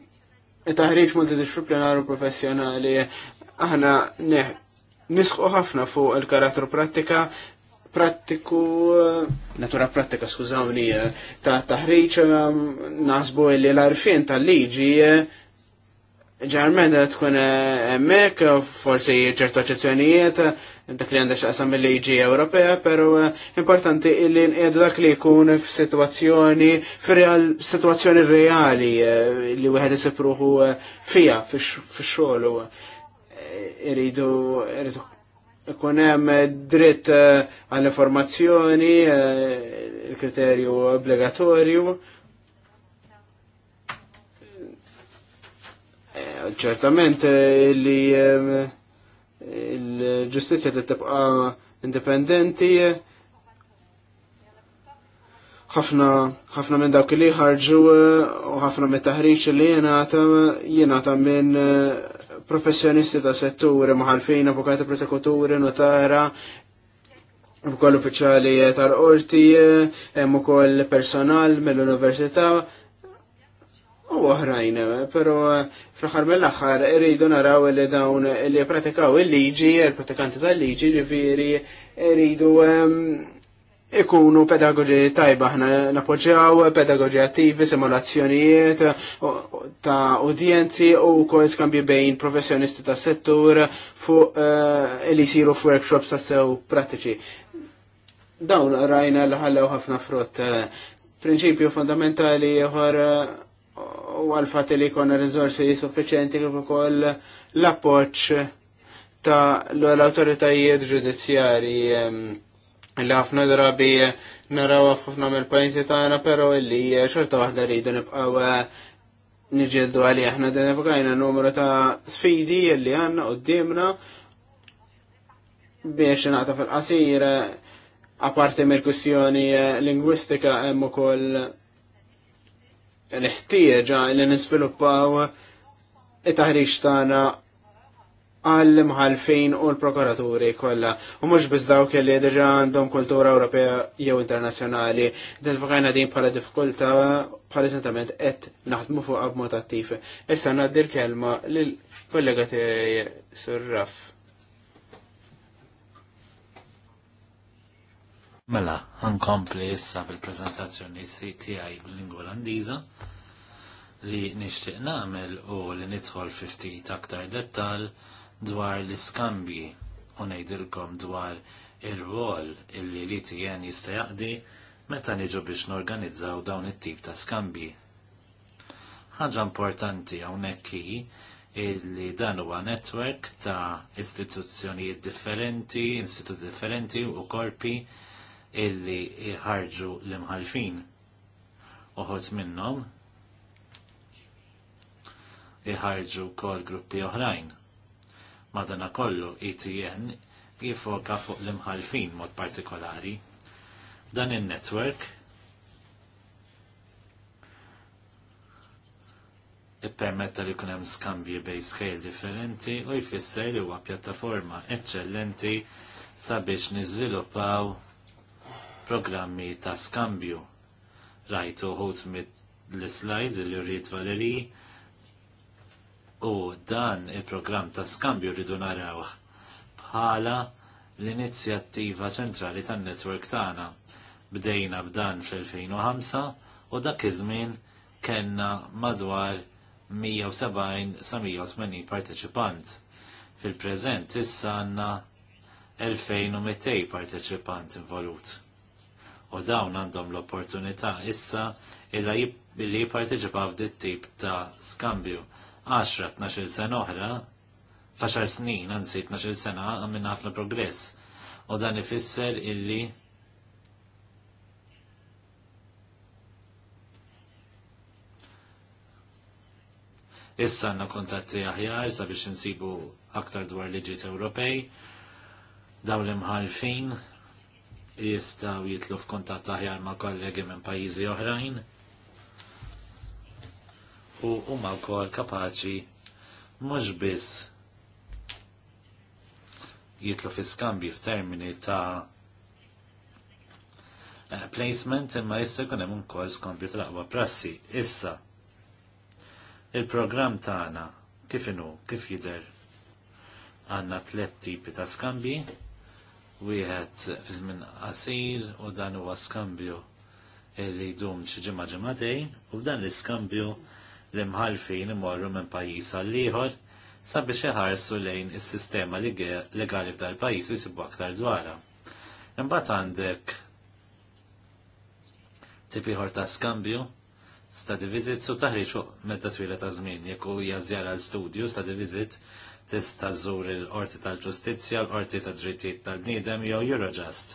il-taħriġ multidisciplinaru professjonali aħna nisħu ħafna fuq il-karattru pratika prattiku, natura prattika, skużawni, ta' taħriċ nasbu li l-arfien tal-liġi ġarmen eh, tkun eh, emmek, eh, forsi ċertu eccezzjonijiet, dak li għandax qasam il-liġi Ewropea, pero importanti li nqiegħdu dak li jkun f'sitwazzjoni, f'real situazzjoni reali li wieħed isipruħu fija fix xolu iridu iridu kun hemm dritt għall-informazzjoni, il-kriterju obbligatorju ċertament eh, li eh, l-ġustizja li tibqa indipendenti ħafna ħafna minn dawk li ħarġu eh, u ħafna minn taħriġ li jenata jenata minn professjonisti ta' setturi maħalfin avukati prosekuturi notara ukoll uffiċjali tal-qorti hemm ukoll personal mill-università u oħrajn, pero eh, fl-axar mill-axar rridu naraw li dawn li pratikaw il-liġi, il-pratikanti tal-liġi ġifiri rridu ehm, ikunu pedagogi tajba ħna napoġġaw pedagogi attivi, simulazzjonijiet ta' udjenzi u kol skambi bejn professjonisti ta' settur fuq eh, li jisiru workshops ta' sew pratiċi. Dawn rajna l-ħallew ħafna frott. Eh, prinċipju fondamentali ħor u għalfat li jkollna rizorsi suffiċenti kif ukoll l-appoġġ ta' l-autoritajiet ġudizzjarji li ħafna drabi naraw ħafna mill-pajjiżi tagħna però li xorta waħda rridu nibqgħu eh, niġildu għalli aħna ifgħajna numru ta' sfidi li għandna qudiemna biex ingħata fil-qasir eh, aparti mill kwistjoni eh, lingwistika hemm ukoll l ihtieġa li nisviluppaw it-taħriġ tagħna għall-imħalfin u l-prokuraturi kollha. U mhux biss dawk li diġà għandhom kultura Ewropea jew internazzjonali. Identifikajna din bħala diffikultà bħala sentiment qed naħdmu fuq mod attiv. Issa ngħaddi l-kelma lill kollega tiegħi Surraf. Mela, għankompli issa bil-prezentazzjoni CTI bil-lingua olandiza li nixtieq nagħmel u li nidħol fi ftit aktar dettal dwar l-iskambji u ngħidilkom dwar ir-rwol illi li tijen jista' jaqdi meta niġu biex norganizzaw dawn it-tip ta' skambji. Ħaġa importanti hawnhekk hi illi dan huwa netwerk ta' istituzzjonijiet differenti, istitut differenti u korpi illi jħarġu l-imħalfin. Uħoġ minnom jħarġu kol gruppi oħrajn. Madana kollu ETN jifoka fuq l-imħalfin mod partikolari. Dan il-network ippermetta li kunem skambji bej scale differenti u jfisser li huwa pjattaforma eccellenti sabiex niżviluppaw programmi ta' skambju. Rajtu ħut mit l-slides li rrit Valeri u dan il-programm ta' skambju rridu narawh bħala l-inizjattiva ċentrali tan-netwerk tagħna. Bdejna b'dan fl-2005 u dak iż-żmien kellna madwar 170 sa 180 parteċipant. Fil-preżent issa għandna 2200 parteċipant involut u dawn għandhom l-opportunità issa illa li jipparteġipa f'dit tip ta' skambju. 10-12 sena oħra, faċar snin, anzi 12 sena għamminna ħafna progress. U dan ifisser illi Issa għanna kontatti aħjar sabiex nsibu aktar dwar liġiet Ewropej, daw l-imħalfin, jistaw jitlu f'kuntatt aħjar ma' kollegi minn pajjiżi oħrajn u huma wkoll kapaċi mhux biss jitlu fi skambji f'termini ta' eh, placement imma jista' jkun hemm ukoll skambju tal-aqwa prassi. Issa il-programm tagħna kif inhu kif jidher għandna tliet tipi ta' skambji wieħed fi żmien qasir u dan huwa skambju li jdum xi ġimgħa ġimgħatejn u f'dan l-iskambju li mħalfin imorru minn pajjiż għal ieħor sabiex iħarsu lejn is-sistema legali f'dar pajjiż u jsibu aktar dwarha. Imbagħad għandek tip ieħor ta' skambju sta' divizit su taħriġ fuq medda twila ta' żmien jekk hija żjara l-studju sta' divizit tista' żur il-Qorti tal-Ġustizzja, l-Qorti tad-Drittijiet tal-Bniedem jew Eurojust.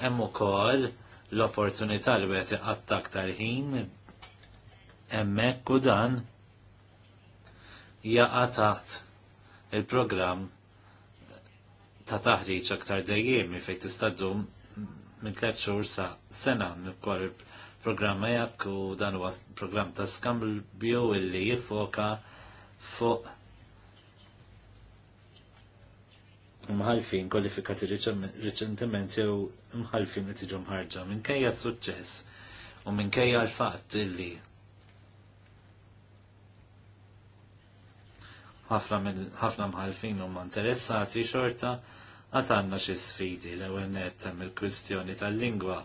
Hemm ukoll l-opportunità li wieħed iqatta aktar ħin hemmhekk u dan jaqa' taħt il-programm ta' taħriġ aktar dejjem fejn tista' ddum minn tliet xhur sa sena mill programm jak e u dan huwa programm ta' skambju illi jiffoka fuq mħalfin kwalifikati reċentement jew mħalfin li tiġu mħarġa minkejja suċċess u minkejja l-fatt illi ħafna mħalfin huma interessati xorta għatanna xi sfidi l ewwel net hemm il-kwistjoni tal-lingwa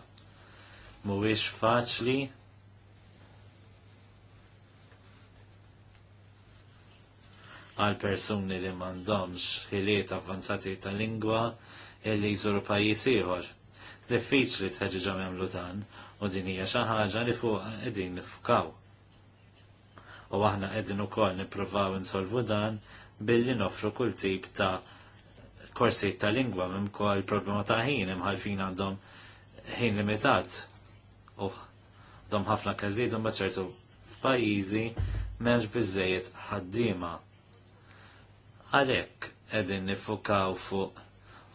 mhuwiex faċli għal persuni li mandomx ħiliet avvanzati ta' lingwa illi jżuru pajjiż ieħor. Diffiċli tħeġġiġhom jagħmlu dan u din hija xi ħaġa li fuq qegħdin nifukaw. U aħna qegħdin ukoll nippruvaw insolvu dan billi nofru kull tip ta' korsi ta' lingwa minn kol problema ta' ħin imħalfin għandhom ħin limitat. U dom ħafna każijiet u ċertu f'pajjiżi m'hemmx biżejjed ħaddiema Għalhekk qegħdin nifukaw fuq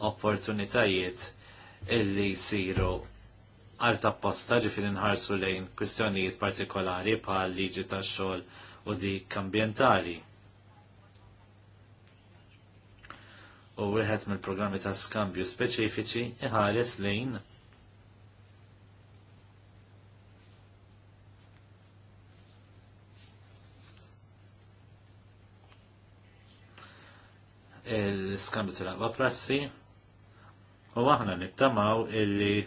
opportunitajiet illi jsiru għal tapposta ġifir inħarsu lejn kwistjonijiet partikolari bħal liġi tax-xogħol u dik ambjentali. U wieħed mill-programmi ta' skambju speċifiċi iħares lejn l-skambju tal-aqwa prassi u aħna nittamaw illi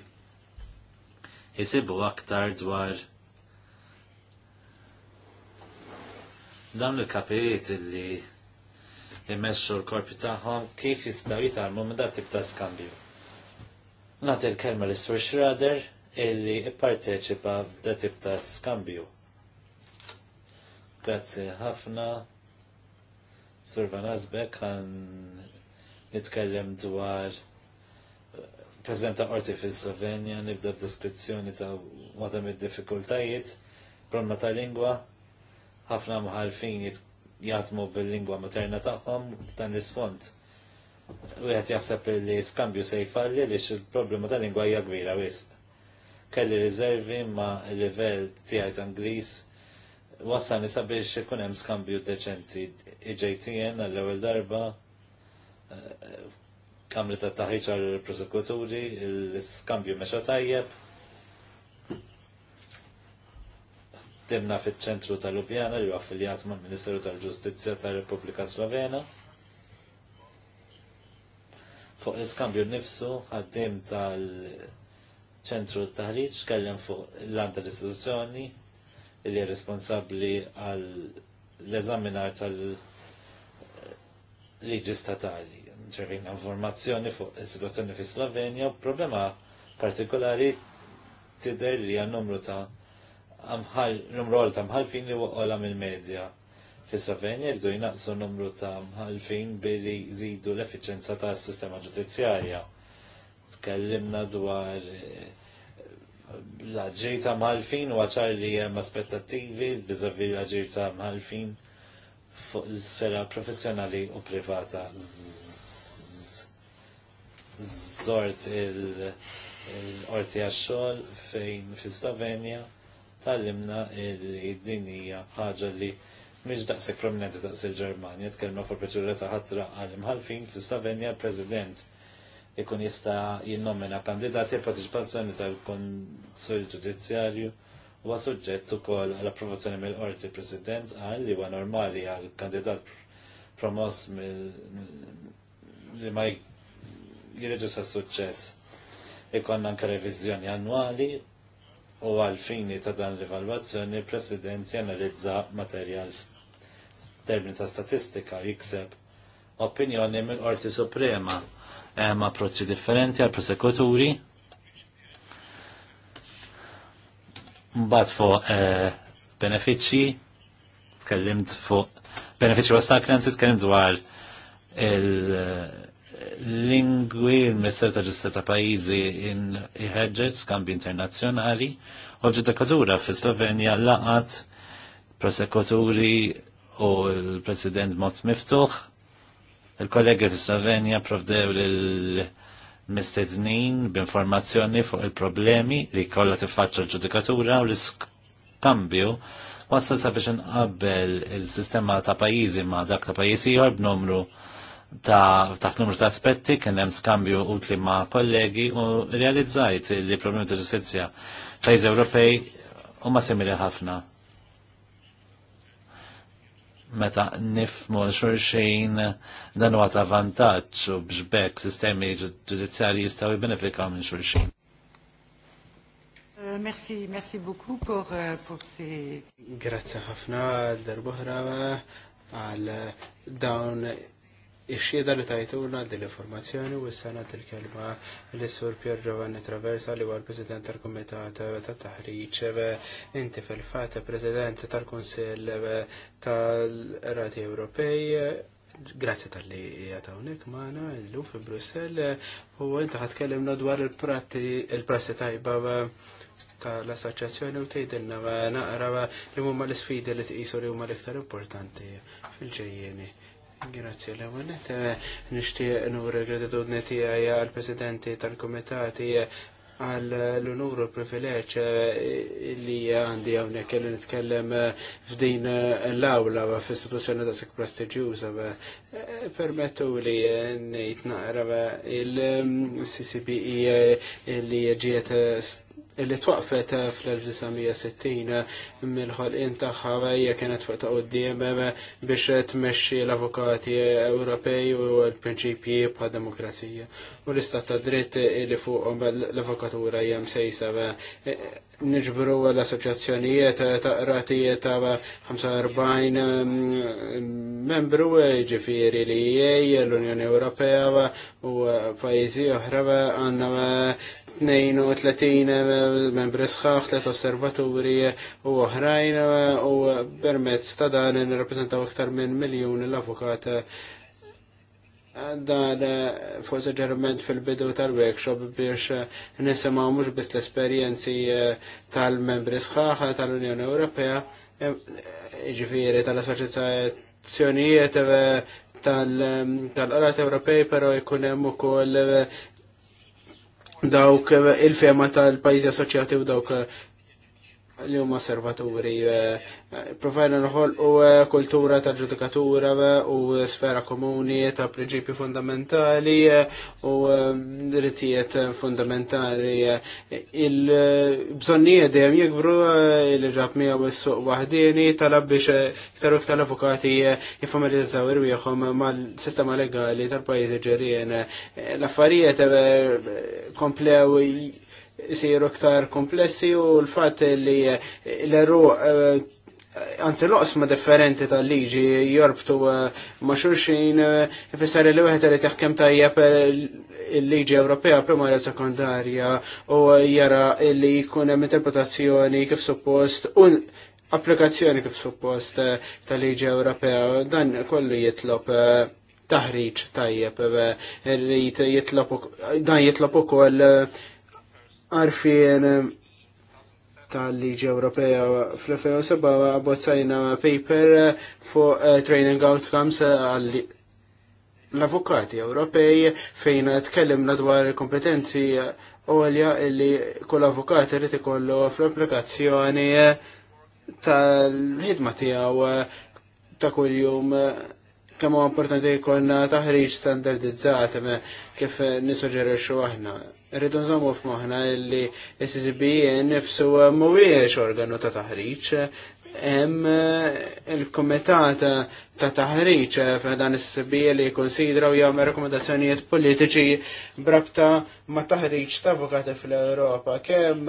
jisibu aktar dwar dawn il-kapijiet illi jimmexxu l-korpi taħħom kif jistgħu jitalmu minn dat tip ta' skambju. Nati l-kelma l isfur Schrader illi ipparteċipa f'dat tip ta' skambju. Grazie ħafna Sur Van għan nitkellem dwar prezenta qorti fi Slovenja nibda b'deskrizzjoni ta' wada mid-diffikultajiet, problema ta' lingwa, ħafna mħalfin jgħatmu bil-lingwa materna tagħhom dan l-isfond. Wieħed jaħseb li skambju se jfalli li x problema ta' lingwa hija kbira wisq. Kelli riservi ma' livell tijaj ta' Ingliż wassani sabiex ikun hemm skambju deċenti iġejtien għall-ewwel darba eh, kamri ta' taħriġ għal prosekuturi l-skambju meċa tajjeb. Timna fit-ċentru ta' lubjana li affiljat ma' Ministeru tal-Ġustizzja tal Repubblika Slovena. Fuq l-skambju nifsu għaddim tal-ċentru taħriġ kellem fuq l-anta l-istituzzjoni li responsabbli għal l-eżaminar tal-liġi statali. Ċervina informazzjoni fuq is-situazzjoni fi Slovenja u problema partikolari tidher li għan numru ta' amħal, numru għal ta' mħalfin li waqola mill-medja. Fi Slovenja rridu jnaqsu numru ta' mħalfin billi zidu l efficienza ta' s-sistema ġudizzjarja. Tkellimna dwar eh, l-ġej ta' malfin u għacħar li jem aspettativi bizzavi l-ġej ta' malfin fuq l-sfera professjonali u privata. Zort il-orti għaxxol fejn fi Slovenja tal-limna il-dinija ħagġa li miġ daqseg prominenti daqs il-Ġermanja, tkellma fuq proċedura ħatra għal-imħalfin fi Slovenja, president ikun jista' jinnomina kandidati għal partiċipazzjoni tal-Konsul Ġudizzjarju huwa suġġett ukoll għal approvazzjoni mill-Qorti President għal li huwa normali għal kandidat promoss li ma jirreġista suċċess. Ikonna anke reviżjoni annwali u għal fini ta' dan l-evalwazzjoni President jannalizza materjal termini ta' statistika jikseb opinjoni mill-Qorti Suprema hemm approċċi differenti għal prosekuturi. Mbagħad fuq eh, benefiċċji, tkellimt fuq benefiċċji ostakli anzi tkellimt dwar il-lingwi, il-Ministeru ta' ġista ta' Pajjiżi iħeġġeġ skambi internazzjonali, u l-ġudikatura fi Slovenja laqat prosekuturi u l-President Mott Miftuħ Il-kollegi fis-Slovenja provdew l-mistednin b'informazzjoni fuq il-problemi li kollha tiffaċċa l-ġudikatura u l-iskambju wassal sabiex inqabbel il-sistema ta' pajjiżi ma' dak ta' pajjiż ieħor b'numru ta' taħt numru ta' aspetti kien hemm skambju utli ma' kollegi u realizzajt li problemi ta' ġustizzja pajjiż Ewropej huma simili ħafna meta nifmu xurxin dan huwa ta' vantaġġ u b'ġbek sistemi ġudizzjarji jistgħu jibbenefikaw minn xurxin. Euh, merci, merci beaucoup pour, euh, pour ces... Grazie ħafna darbohra għal dawn ix-xieda li tajtuna din l-informazzjoni u s sanat il-kelma l sur Pier Giovanni Traversa li huwa l-President tal-Kumitat ta' Taħriġ. Inti fil fat President tal konsil tal-Rati Ewropej Grazzi tal-li jatawnek maħna l lu fi Brussel u inta kellimna dwar il-prassi tajba tal-assoċjazzjoni u Tejdilna naqra li huma l-isfidi li t li huma l-iktar importanti fil-ġejjeni. Grazie, l-għonet. Nishtiq nur gratitudni tijaj għal-presidenti tal-komitati għal l-unur u privileċ eh, li għandi għawnek kelli nitkellem eh, f'din eh, l-awla f'istituzzjoni da' sekk prestiġjuża. Permettu li nejt naqra il-CCPI mm, e, li ġiet illi twaqfet fl-1960 mill من tagħha hija kienet fuq ta' quddiem biex tmexxi l-avukati Ewropej u l-prinċipji bħad demokrazija. U l-istat ta' dritt illi 45 mm, membru جفيري li jgħi l وفايزي Ewropea u 32 eh, membri sħaħ, 3 osservaturi eh, u oħrajn eh, u permezz ta' dan nirrappreżentaw iktar minn miljun l-avukat dan fuq suġġerment fil-bidu tal-workshop biex nisimgħu mhux biss l-esperjenzi tal-membri sħaħ tal-Unjoni Ewropea, ġifieri tal-assoċjazzjonijiet tal-Qarat Ewropej, però jkun hemm ukoll dawk eh, il-fema tal-pajzi assoċjati u dawk eh, li huma servaturi eh, eh, provajna noħol u eh, kultura ta' ġudikatura u sfera komuni ta' prinċipju fundamentali u drittijiet fundamentali il-bżonnijiet dejjem jikbru li ġab miegħu s-suq waħdini talab biex iktar u iktar avukati jifamilizzaw irwieħhom mal-sistema legali tal-pajjiżi ġerien l-affarijiet komplew jisiru ktar komplessi u l-fat li l-eru eh, Anzi, l-osma differenti tal-liġi jorbtu eh, ma' xurxin eh, fissar li wieħed li teħkem tajjeb il-liġi Ewropea primarja sekundarja u jara li jkun hemm interpretazzjoni kif suppost u applikazzjoni kif suppost tal-liġi Ewropea. Dan kollu jitlob taħriġ tajjeb, dan jitlob ukoll għarfien tal-Liġi Ewropea fl-2007 bozzajna paper fuq eh, training outcomes għall l-avukati Ewropej fejn tkellimna dwar kompetenzi għolja illi kull avukat irrid ikollu fl-applikazzjoni tal-ħidma tiegħu ta' kuljum kemm huwa importanti jkollna taħriġ standardizzat kif nisuġġerixxu aħna. Rridu nżommu f'moħna li SSBN nifsu mhuwiex organu ta' taħriġ, hemm eh, il-kumitat ta' taħriġ f'dan is-SSB li jikkonsidraw jagħmel rekomendazzjonijiet politiċi brabta ma' taħriġ ta' avukati fl-Ewropa kemm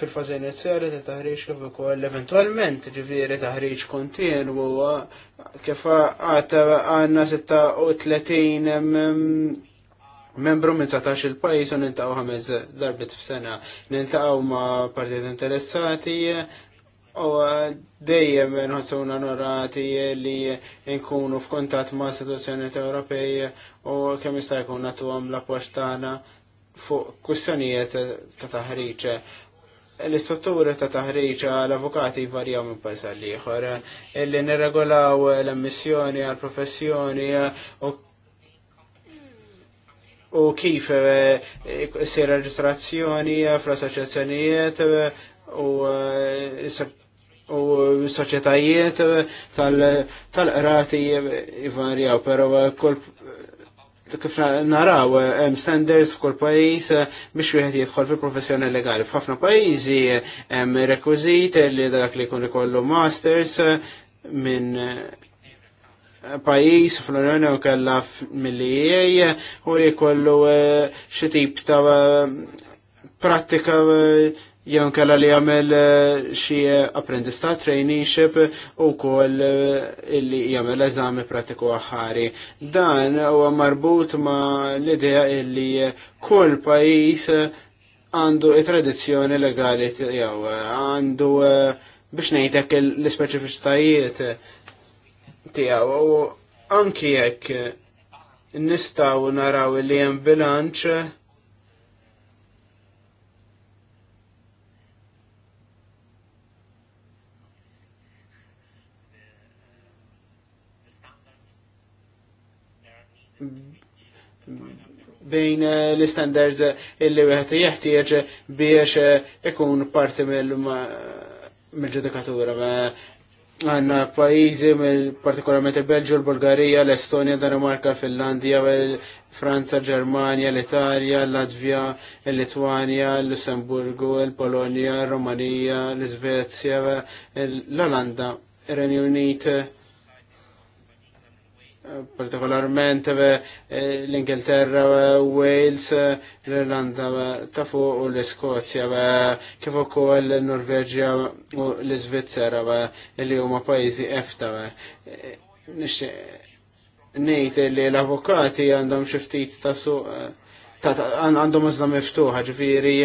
fil-fażi inizjali ta' taħriġ kif ukoll eventwalment ġifieri taħriġ kontinwu kif għad għandna 36 membru minn satax il-pajis u nintaw ħames darbit f'sena. Nintaqgħu ma' partijiet interessati u dejjem nħossuna norati li nkunu f'kuntatt ma' istituzzjonijiet Ewropej u kemm jista' jkun nagħtuhom l-appoġġ tagħna fuq kwistjonijiet ta' taħriġ. l istrutturi ta' taħriġ l-avukati varjaw minn pajsa l-ieħor, illi nirregolaw l-emissjoni għal-professjoni u u kif eh, eh, sir reġistrazzjoni eh, fl-assoċjazzjonijiet u u soċjetajiet tal rati varjaw, pero kull kif naraw hemm standards f'kull pajjiż biex wieħed jidħol fil-professjoni legali. F'ħafna pajjiżi hemm rekwiżit li dak li jkun ikollu masters minn pajis fl-Unjoni u kella mill-EA u li kollu eh, xi tip ta' prattika eh, jew kella li jagħmel eh, xi apprendista traineeship u koll li jagħmel eżami pratiku aħħari. Dan huwa marbut ma' l-idea illi kull pajis għandu tradizzjoni legali jew għandu biex ngħidlek l-ispeċifiċitajiet tijaw, u anki jekk nistaw naraw li hemm bilanċ bejn l-standards illi wieħed jeħtieġ biex ikun parti mill-ġudikatura għanna pajizi mill partikolarment il-Belġu, l-Bulgarija, l-Estonja, Danimarka, Finlandija, Franza, Germania, l-Italja, l-Latvija, l litwania l-Lussemburgu, l polonia l romania l-Svezja, l-Olanda, il-Renju Unite partikolarment eh, l-Ingilterra, Wales, l-Irlanda eh, ta' fuq u l skozja eh, kif ukoll l-Norveġja u l-Iżvizzera li huma pajjiżi efta. Nejt li l-avukati għandhom xi ftit ta' suq għandhom iżda miftuħa, ġifieri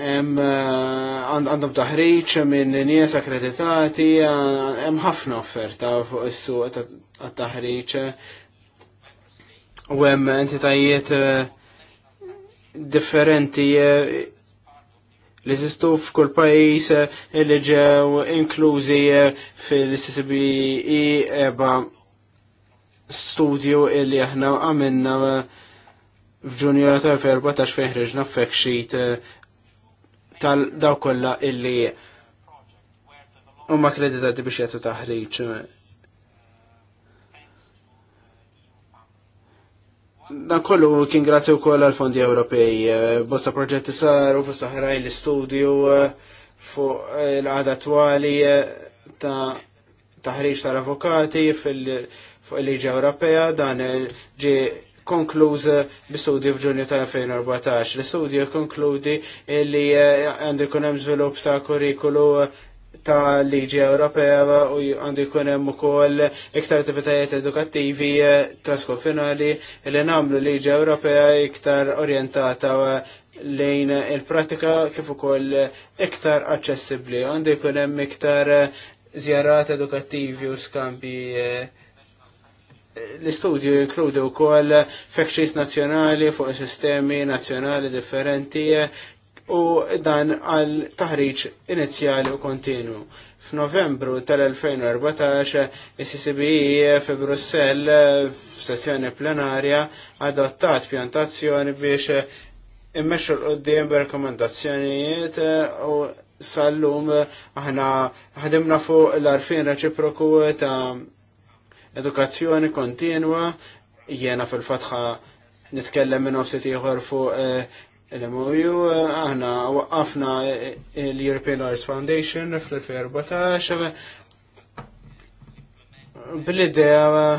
Eh, għandhom taħriċ minn nies akkreditati, hemm eh, ħafna offerta fuq is-suq għat-taħriċ. U hemm entitajiet eh, differenti li zistu f'kull pajis li ġew inklużi fil-CCBI eba studju illi aħna għamilna f'ġunjura ta' 2014 fejn ħriġna ffekxit tal-daw kolla illi umma di biex jatu taħriċ. Dan kollu kien grazzi wkoll għal fondi Ewropej. Bosta proġetti saru fuq ħraj l-istudju fuq l-għada twali ta' taħriġ tal-avokati fuq il-liġi Ewropea dan ġi konkluż l-istudju f'Ġunju tal-2014. L-istudju konkludi li eh, għandu jkun hemm żvilupp ta' kurrikulu eh, ta' liġi Ewropea u għandu jkun hemm ukoll iktar attivitajiet edukattivi eh, trasconfinali li nagħmlu liġi Ewropea iktar orjentata lejn il-pratika kif ukoll iktar aċċessibbli. Għandu jkun hemm iktar zjarat edukattivi u skambi L-istudju jinkludu wkoll fekċis nazzjonali fuq sistemi nazzjonali differenti u dan għal taħriġ inizjali u kontinu. F'Novembru tal-2014 is-CCBI e fi Brussell f'sessjoni plenarja adottat pjantazzjoni biex immexxu l-qoddim b'rekomendazzjonijiet u sal-lum aħna ħadimna fuq l-arfin reċiproku ta' edukazzjoni kontinwa, jiena fil-fatħa nitkellem minn ftit ieħor fuq eh, l-MOU, eh, aħna waqqafna eh, l-European Arts Foundation fl-2014 bl-idea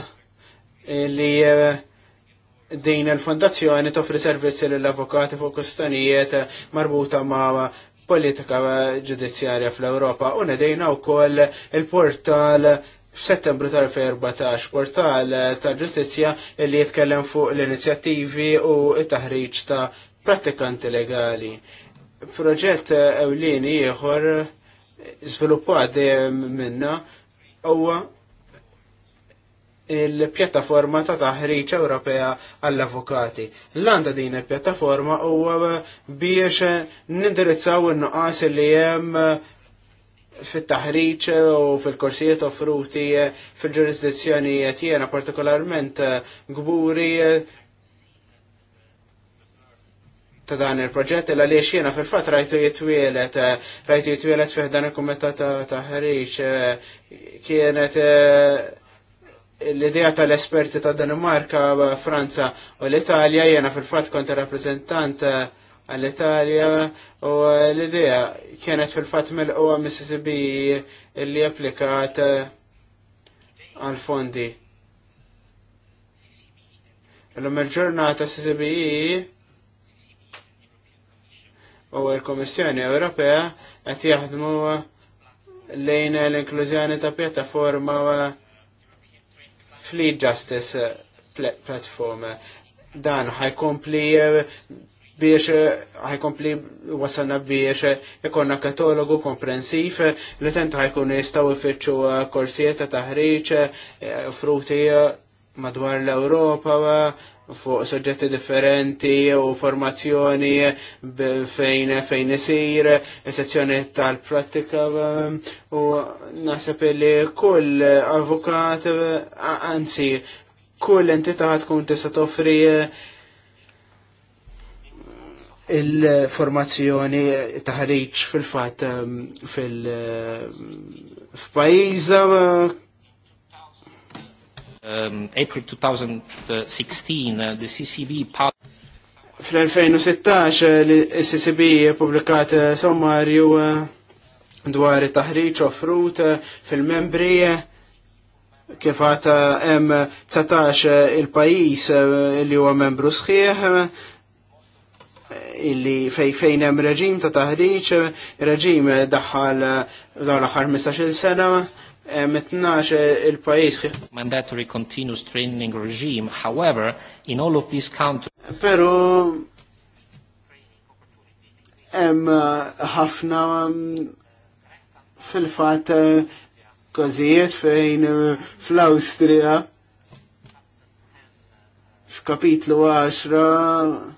li din il-fondazzjoni toffri servizzi l-avokati fuq kustanijiet marbuta ma' politika ġudizzjarja fl-Europa u u koll il-portal f'Settembru tal-2014 portal ta' ġustizzja li jitkellem fuq l-inizjattivi u t-taħriġ ta' pratikanti legali. Proġett ewlieni ieħor żviluppat minna huwa il-pjattaforma ta' taħriġ Ewropea għall-avukati. L-għanda din il-pjattaforma huwa biex nindirizzaw in-nuqqas li hemm fit-taħriċ eh, u fil-korsijiet offruti eh, fil-ġurisdizzjonijiet eh, jiena partikolarment gburi ta' dan il-proġett illa li xiena fil-fat rajtu jitwielet, rajtu jitwielet fih dan il-komitat ta' taħriċ kienet l-idea tal-esperti ta' Danimarka, Franza u l-Italja jena fil-fat konta rappresentant għall-Italja u l-idea kienet fil-fat mill-qwa Mississippi li applikat għal-fondi. L-lum il-ġurnata CCBI u l-Komissjoni Ewropea għet jaħdmu lejn l-inklużjoni ta' pjattaforma Fleet Justice Platform. Dan ħajkompli biex eh, ħajkompli wasalna biex eh, ikonna katologu komprensiv eh, li tent ħajkun jistaw ifittxu korsijiet ta' taħriċ, fruti madwar l-Europa fuq soġġetti differenti u formazzjoni fejn fejn isir, sezzjoni tal-prattika u nasab li kull avukat, anzi, kull entità tkun tista' toffri il-formazzjoni taħriġ fil-fat um, fil-pajiza. Uh, uh, um, April 2016, uh, the CCB Fl-2016 uh, l-CCB publikat sommarju dwar taħriġ offrut fil-membri kif għata hemm um, 19 il-pajis li huwa membru sħiħ illi fej fejn hemm reġim ta' taħriġ, reġim daħħal dawn l-aħħar 15-il sena, 12 il-pajjiż. Mandatory continuous training regime, however, in all of these countries. Pero hemm ħafna mm, fil-fatt każijiet fejn fl-Awstrija f'kapitlu 10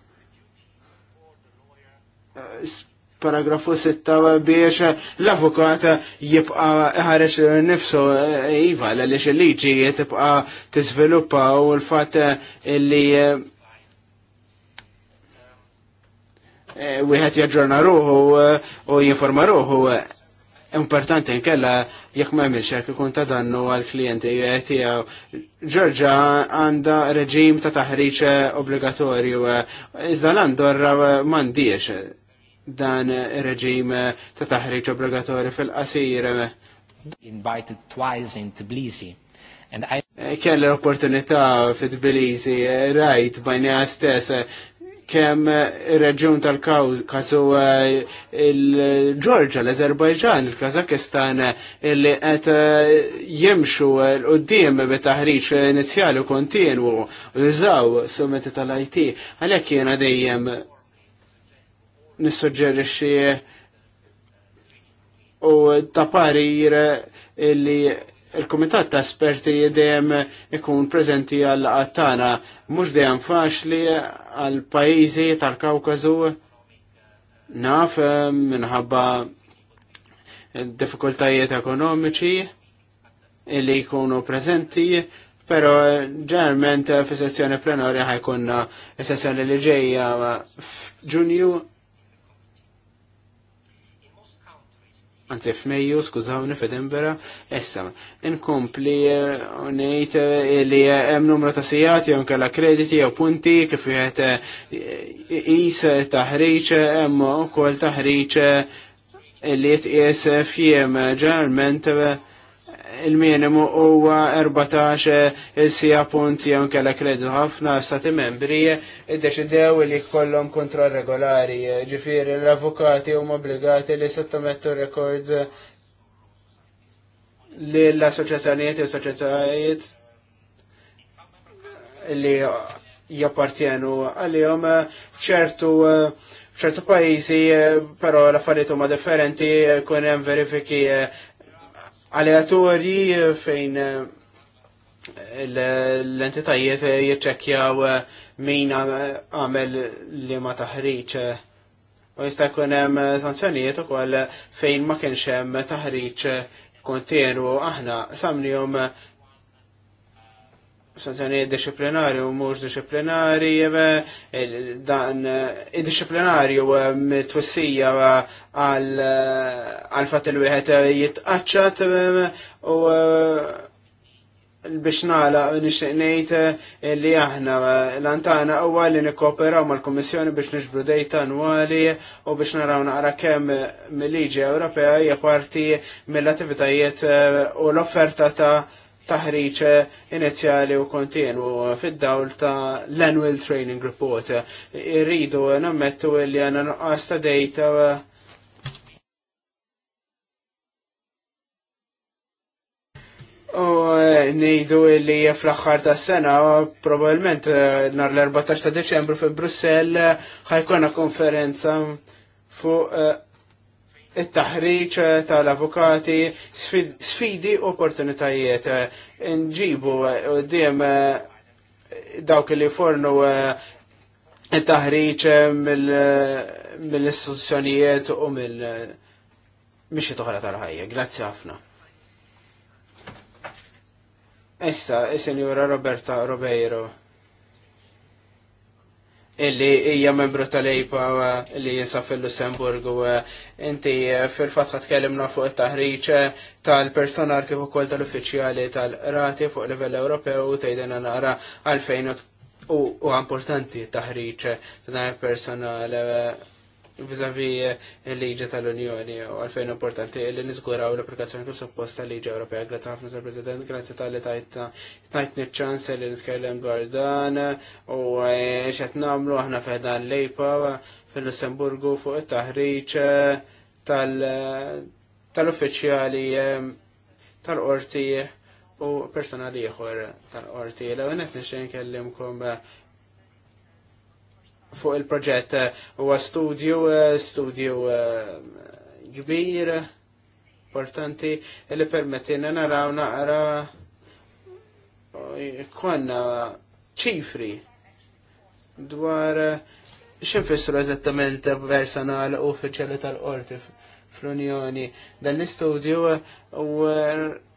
paragrafu 6 biex l-avukat jibqa ħareċ nifsu eh, iva l il-liġi tibqa t u l-fat li eh, wieħed jaġġorna ruħu eh, u jinforma ruħu importanti nkella jekk ma hekk ikun ta' dannu għall klijenti tiegħu. Ġorġa għandha reġim ta' taħriġ obbligatorju iżda l-Andorra mandiex dan ir-reġim ta' taħriġ obbligatorju fil-qasir. Invited twice in Tbilisi. And I e, opportunità fi Tbilisi, e, rajt bajni stess, e, kem ir-reġjun tal-Kawkasu il-Ġorġa, l-Azerbajġan, il-Kazakistan illi qed jimxu l-qudiem bi taħriġ inizjali kontinwu u jużaw summeti tal-IT. Għalhekk jiena dejjem nissuġġerixxi u ta' parir li il-komitat ta' esperti dejjem ikun preżenti għal qattana mhux dejjem faċli għal pajjiżi tal kawkazu naf eh, minħabba diffikultajiet ekonomiċi li jkunu prezenti, Pero ġeneralment fi sessjoni plenarja ħajkunna sessjoni li ġejja f'Ġunju għanzi mejju skużawni f'Edinbera, essa, inkompli unajt eh, eh, li eh, hemm numru ta' sijat, jem kalla krediti, jew punti, kif jgħet is taħriċ, hemm ukoll taħriċ li jitqies f'jem ġeneralment il-minimu huwa 14 eh, il-sija punti jew kella kredu ħafna stati membri eh, iddeċidew li jkollhom kontrol regolari. Eh, Ġifieri l-avukati huma obbligati li sottomettu records l-assoċjazzjonijiet u soċjetajiet li jappartjenu għal-jom ċertu ċertu pajizi, pero l-affarijiet huma differenti, kunem hemm verifiki aleatorji eh, fejn eh, l-entitajiet eh, jirċekjaw min għamel li ma taħriċ. U jista' jkun hemm sanzjonijiet ukoll fejn ma kienx hemm taħriġ kontenu aħna samnihom sanzjonijiet disciplinari u mhux disciplinari dan id-disciplinari u eh, twissija eh, eh, għal fatt il wieħed jitqaċċat u biex nala nixtieq ngħid li aħna l-antana huwa li nikkooperaw mal-Kummissjoni biex niġbru dejta annwali u biex naraw naqra kemm mill-liġi Ewropea hija parti mill-attivitajiet u l-offerta ta' taħriġ inizjali u kontinu fid-dawl ta' l-Annual Training Report. Irridu nammettu li għana nuqqas ta' data U nejdu li fl-axħar ta' sena, probabilment nar l-14 ta' Deċembru fi Brussel ħajkona konferenza fuq eh, it-taħriċ eh, tal-avukati sfidi opportunitajiet eh, nġibu eh, diem dawk li fornu it-taħriċ mill-istituzzjonijiet u mill mixi toħra tal-ħajja. Grazzi ħafna. Issa, is-senjura Roberta Robeiro illi hija membru tal-EIPA li jinsab fil-Lussemburgu. Eh, inti eh, fil-fatħa tkellimna fuq it-taħriġ eh, tal-personal kif ukoll tal-uffiċjali tal-rati fuq livell Ewropew tgħidilna nara għalfejn u importanti t-taħriġ il personal vizavi l-liġi eh, tal-Unjoni u għalfejn importanti li nizguraw l-applikazzjoni kif supposta l liġi Ewropea. Grazie ħafna Sir President, grazie tal-li tajtni ċans li nitkellem dwar dan u eh, xet namlu aħna l lejpa fil-Lussemburgu fuq it-taħriċ eh, tal-uffiċjali tal-qorti u personali jħor tal-qorti. L-għonet nixen kellimkom fuq il-proġett eh, huwa studju, eh, studju eh, kbir, importanti, li permettina naraw naqra konna ċifri dwar fissru eżattament personal uffiċjali tal-qorti fl-Unjoni. Dan l-istudju u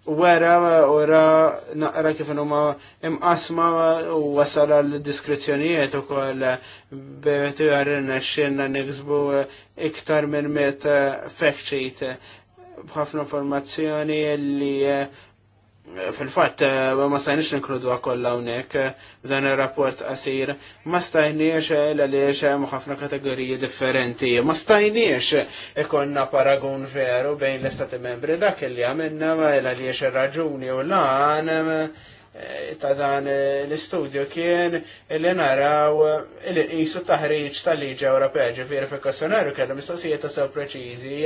wera wera naqra kif huma imqasma u wasal għal diskrezzjonijiet ukoll bejtu għarrinna xinna niksbu iktar minn met fact sheet b'ħafna informazzjoni li fil-fatt eh, ma stajniex ninkludu kollha hawnhekk b'dan eh, ir-rapport qasir, ma stajniex eh, għaliex hemm ħafna kategoriji differenti, ma stajniex ikonna paragun veru bejn l-istati membri dak li għamilna għaliex ir-raġuni u lan ta' dan l-istudju kien li naraw il-qisu taħriġ tal-liġi Ewropea ġifieri fil-kwestjonarju kellhom mistoqsijiet ta' sew preċiżi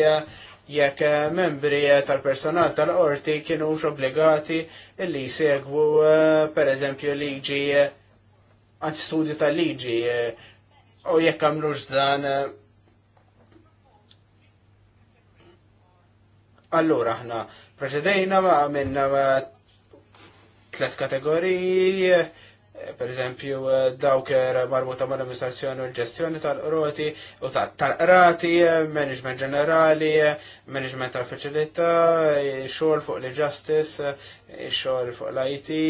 jekk eh, membri eh, tal-personal tal-qorti kienu obbligati li jsegwu eh, per eżempju liġi għanzi studju tal-liġi u jekk għamlux dan Allura aħna preċedejna ma għamilna tlet kategoriji per eżempju, eh, dawk marbuta l amministrazzjoni u l-ġestjoni tal-qroti u tal-qrati, eh, management ġenerali, eh, management tal-facilità, xogħol fuq l-justice, xogħol fuq l-IT,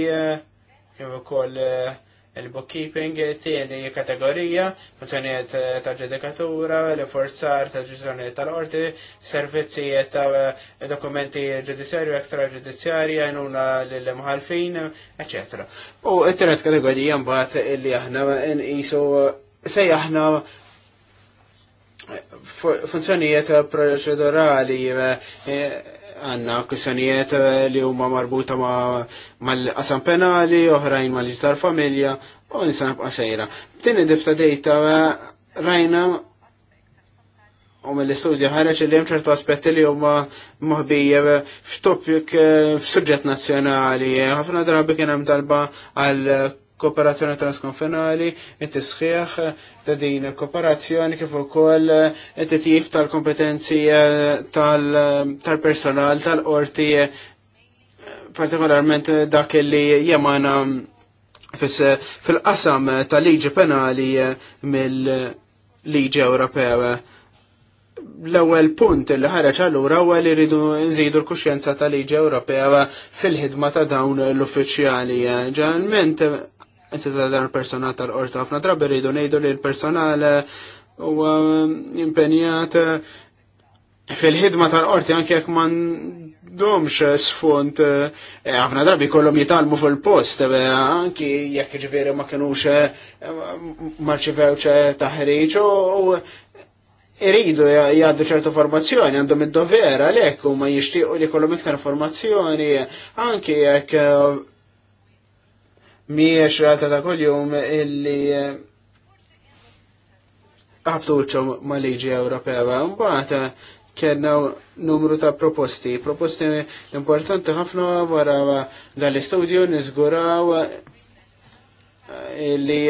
kif ukoll uh, il-bookkeeping tieni kategorija, funzjonijiet eh, ta' ġedikatura, l-forzar ta' ġizjonijiet tal-orti, servizzijiet ta' eh, dokumenti ġudizzjarju, ekstra ġudizzjarja, jnuna l-mħalfin, ecc. U it-tret kategorija mbagħad li aħna nqisu eh, se aħna funzjonijiet proċedurali għanna kwistjonijiet eh, li huma marbuta mal-qasam penali, oħrajn mal istar familja, u nisanab għasajra. sejra. B'tieni dibta dejta eh, rajna u mill istudio ħareġ li hemm ċertu aspetti li huma moħbija eh, f'topik f'suġġett nazzjonali. Ħafna drabi kien hemm talba għal kooperazzjoni transkonfinali, it-tisħiħ ta' din il-kooperazzjoni kif ukoll it-tip tal-kompetenzi eh, tal-personal tal-qorti eh, partikolarment dak li jemana fil-qasam tal-liġi penali eh, mill-liġi Ewropew l-ewwel punt li ħareġ allura huwa li rridu nżidu l-kuxjenza tal-liġi Ewropea fil-ħidma ta' dawn l-uffiċjali. Ġeneralment Insita dan il-personal tal-qorta ħafna drabi rridu ngħidu li l-personal u impenjat eh, fil-ħidma tal-qorti anke jekk man domx sfont eh, ħafna drabi kollhom jitalmu fil-post eh, anki jekk ġifieri ma kinux marċivewċe rċivewx u iridu jgħaddu ċertu formazzjoni, għandhom id dovera għalhekk u ma jixtiequ li kollu iktar formazzjoni anki jekk miex realtà ta' kuljum illi eh, ħabtuċom ma' liġi Ewropea. Mbagħad eh, kellna numru ta' proposti, proposti importanti ħafna wara dal-istudju niżguraw eh, illi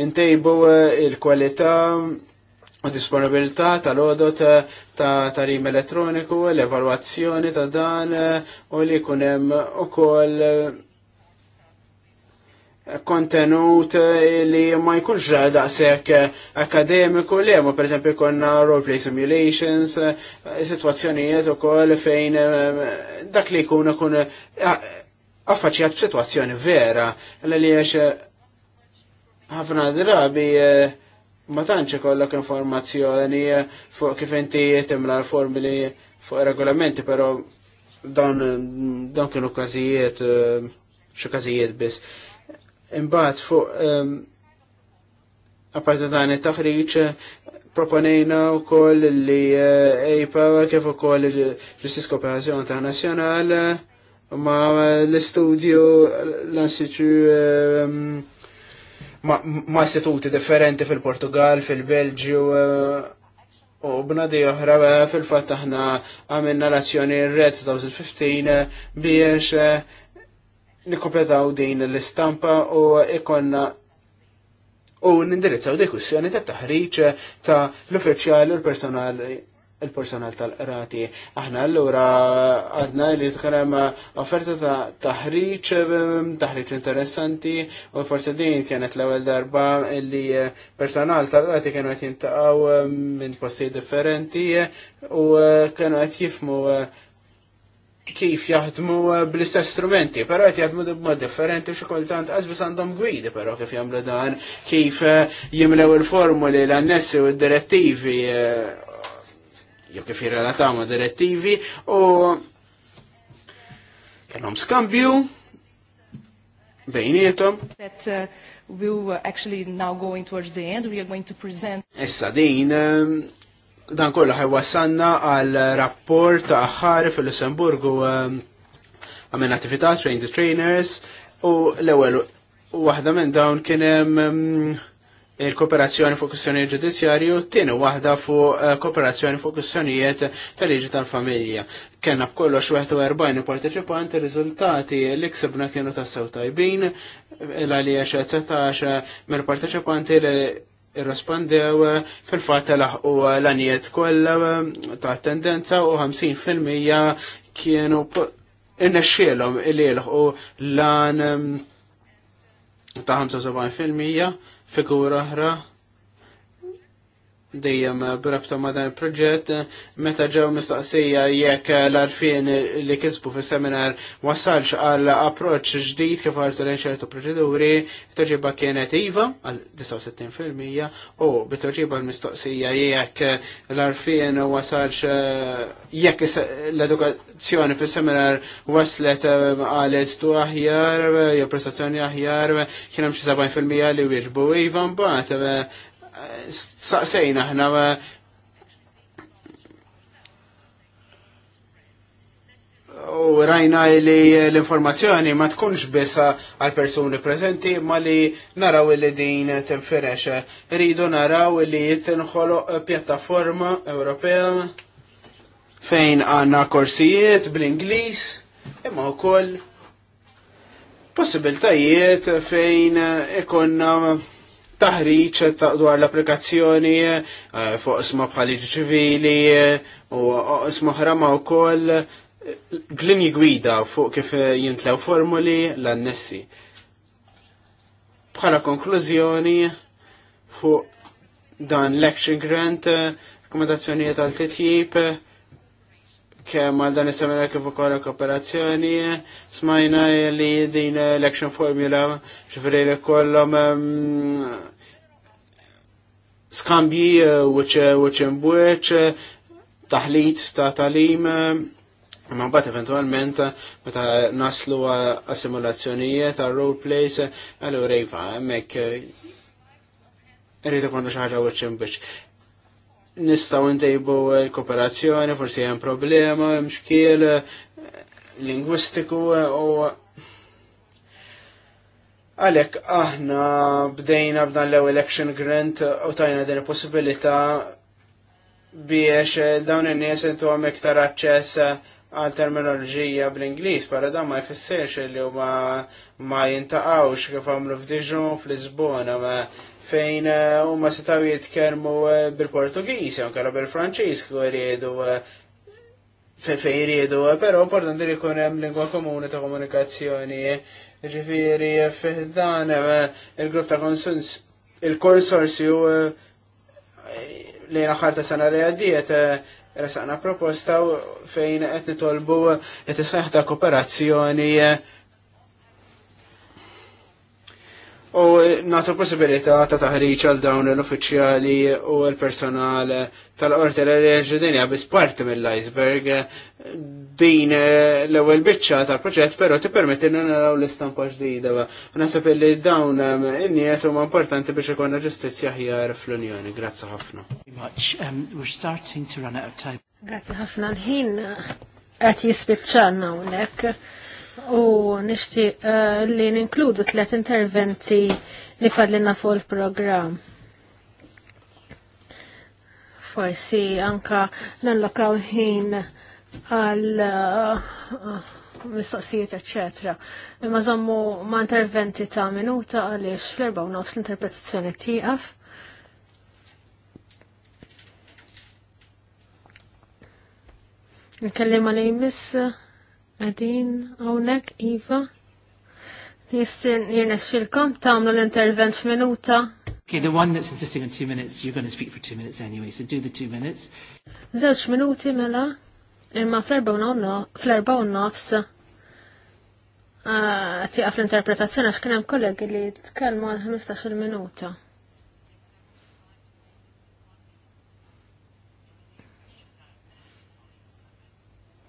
intejbu il-kwalità u disponibilità tal-odot ta' tarim elettroniku, l-evalwazzjoni ta' dan u li kunem u koll kontenut eh, li ma jkunx daqshekk eh, akademiku li hemm per esempio konna roleplay simulations, eh, situazzjonijiet ukoll fejn dak li jkun ikun affaċjat b'sitwazzjoni vera li għax ħafna drabi ma tantx ikollok informazzjoni fuq kif inti timla l-formuli fuq regolamenti, però dawn dawn kienu każijiet xi każijiet biss. Imbagħad fuq um, apparti dan it-taħriġ proponejna wkoll li EIPA eh, kif ukoll ġustis kooperazzjoni internazzjonal ma l-istudju l-Institu um, ehm, ma' istituti differenti fil-Portugal, fil-Belġju, eh, U b'nadi oħra eh, fil-fatt aħna għamilna l-azzjoni red 2015 biex nikkompletaw din l-istampa u ikonna u nindirizzaw dik kussjoni ta' taħriġ ta' l-uffiċjali u l-personal il-personal tal-qrati. Aħna allura għadna li tkellem offerta ta' taħriġ, taħriġ interessanti, u forse din kienet l-ewwel darba li personal tal-qrati kienu qed jintaqgħu minn posti differenti u kienu qed jifmu kif jaħdmu eh, bl-istess strumenti, pero qed jaħdmu b-mod differenti xi kultant qasbis għandhom gwidi però kif jagħmlu dan, kif eh, jimlew il-formuli l-annessi u direttivi eh, jew kif jirrelataw ma' direttivi u kellom skambju bejnietom. That uh, we were actually now going towards the end, we are going to present. Issa din dan kollu ħajwassanna għal rapport aħħar fil-Lussemburgu um, għamen attività train the trainers u l-ewel waħda minn dawn kien um, il-kooperazzjoni fuq Kussjonijiet ġudizzjarji u t-tieni waħda fuq uh, kooperazzjoni fuq kwistjonijiet tal-liġi tal-familja. Kenna b'kollox 41 partecipant, ir-riżultati li ksebna kienu tas-sew tajbin, l-għalija 17 mill-parteċipanti irrespondew eh, fil-fatt laħqu l-anijiet kollha eh, ta' tendenza u 50% kienu innexxielhom li l lan eh, ta' 75% figura oħra dejjem b'rabta ma dan il-proġett meta ġew mistaqsija jekk l-arfien li kisbu fis seminar wasalx għal approċċ ġdid kif għal lejn ċertu proċeduri, toġiba kienet iva għal 69% u bitoġiba l-mistoqsija jekk l-arfien wasalx jekk l-edukazzjoni fis seminar waslet eh, għal tu aħjar, jew prestazzjoni aħjar, kien hemm xi 70% li wieġbu iva mbagħad eh, saqsejna ħna u rajna li l-informazzjoni ma tkunx bisa għal persuni prezenti ma li naraw li din tinferex. Rridu naraw li tinħoloq pjattaforma Ewropea fejn għanna korsijiet bl-Inglis imma u koll possibiltajiet fejn ikonna taħriċ dwar l-applikazzjoni eh, fuq isma bħaliġi ċivili eh, u isma ħrama u koll eh, glini gwida fuq kif jintlew formuli l-annessi. Bħala konklużjoni fuq dan l-action grant, rekomendazzjonijiet għal titjib, kemm għal dan is-seminar kif ukoll kooperazzjoni smajna li din election formula ġifieri li kollhom skambji eh, wiċ eh, imbuċ eh, taħlit ta' talim Ma bat eventualment meta naslu għas-simulazzjonijiet għal role plays għal urejfa iva, hemmhekk rridu kondu xaħġa wiċ imbuċ nistaw ntejbu l-kooperazzjoni, forsi hemm problema, hemm xkiel eh, lingwistiku eh, u għalek aħna bdejna b'dan l-ewwel election grant u tajna din il-possibilità biex eh, dawn in-nies intu għam iktar aċċess għal terminoloġija bl-Ingliż, para dan ma jfissirx li huma ma jintaqgħux kif għamlu f'Dijon f'Lisbona. ma fejn eh, huma setaw jitkellmu eh, bil-Portugiż jew kara bil-Franċiż jridu eh, fejn jridu, però importanti li jkun hemm lingwa komuni ta' komunikazzjoni. Ġifieri fih il-grupp ta' konsens il konsorsju li naħħar ta' sena li għaddiet resaqna proposta fejn qed nitolbu qed isħaħ ta' kooperazzjoni u natu possibilità ta' taħriċ għal dawn l-uffiċjali u l-personal tal-qorti l bis parti mill-iceberg din l ewwel bicċa tal-proġett pero ti permetti naraw l-istampa ġdida. Nasab li dawn in-nies huma importanti biex ikonna ġustizzja ħjar fl-Unjoni. Grazzi ħafna. Um, Grazzi ħafna l-ħin uh, qed jispiċċalna hawnhekk U nishti uh, li ninkludu tlet interventi li fadlina fuq il-program. Forsi anka nallokaw ħin għal uh, mistoqsijiet, etc. Imma zammu ma' interventi ta' minuta għaliex fl-erba u nofs l-interpretazzjoni tieqaf. Nkellim għalej miss. Uh, Għedin, għonek, Iva. Jistin, jirnexxilkom, tamlu l-intervent minuta. Okay, the one that's insisting on two minutes, you're going to speak for two minutes anyway, so do the two minutes. Zewċ minuti, mela. Imma fl-erba u nofs għaf uh, l-interpretazzjoni għax kien hemm kollegi li tkellmu għal 15 minuta.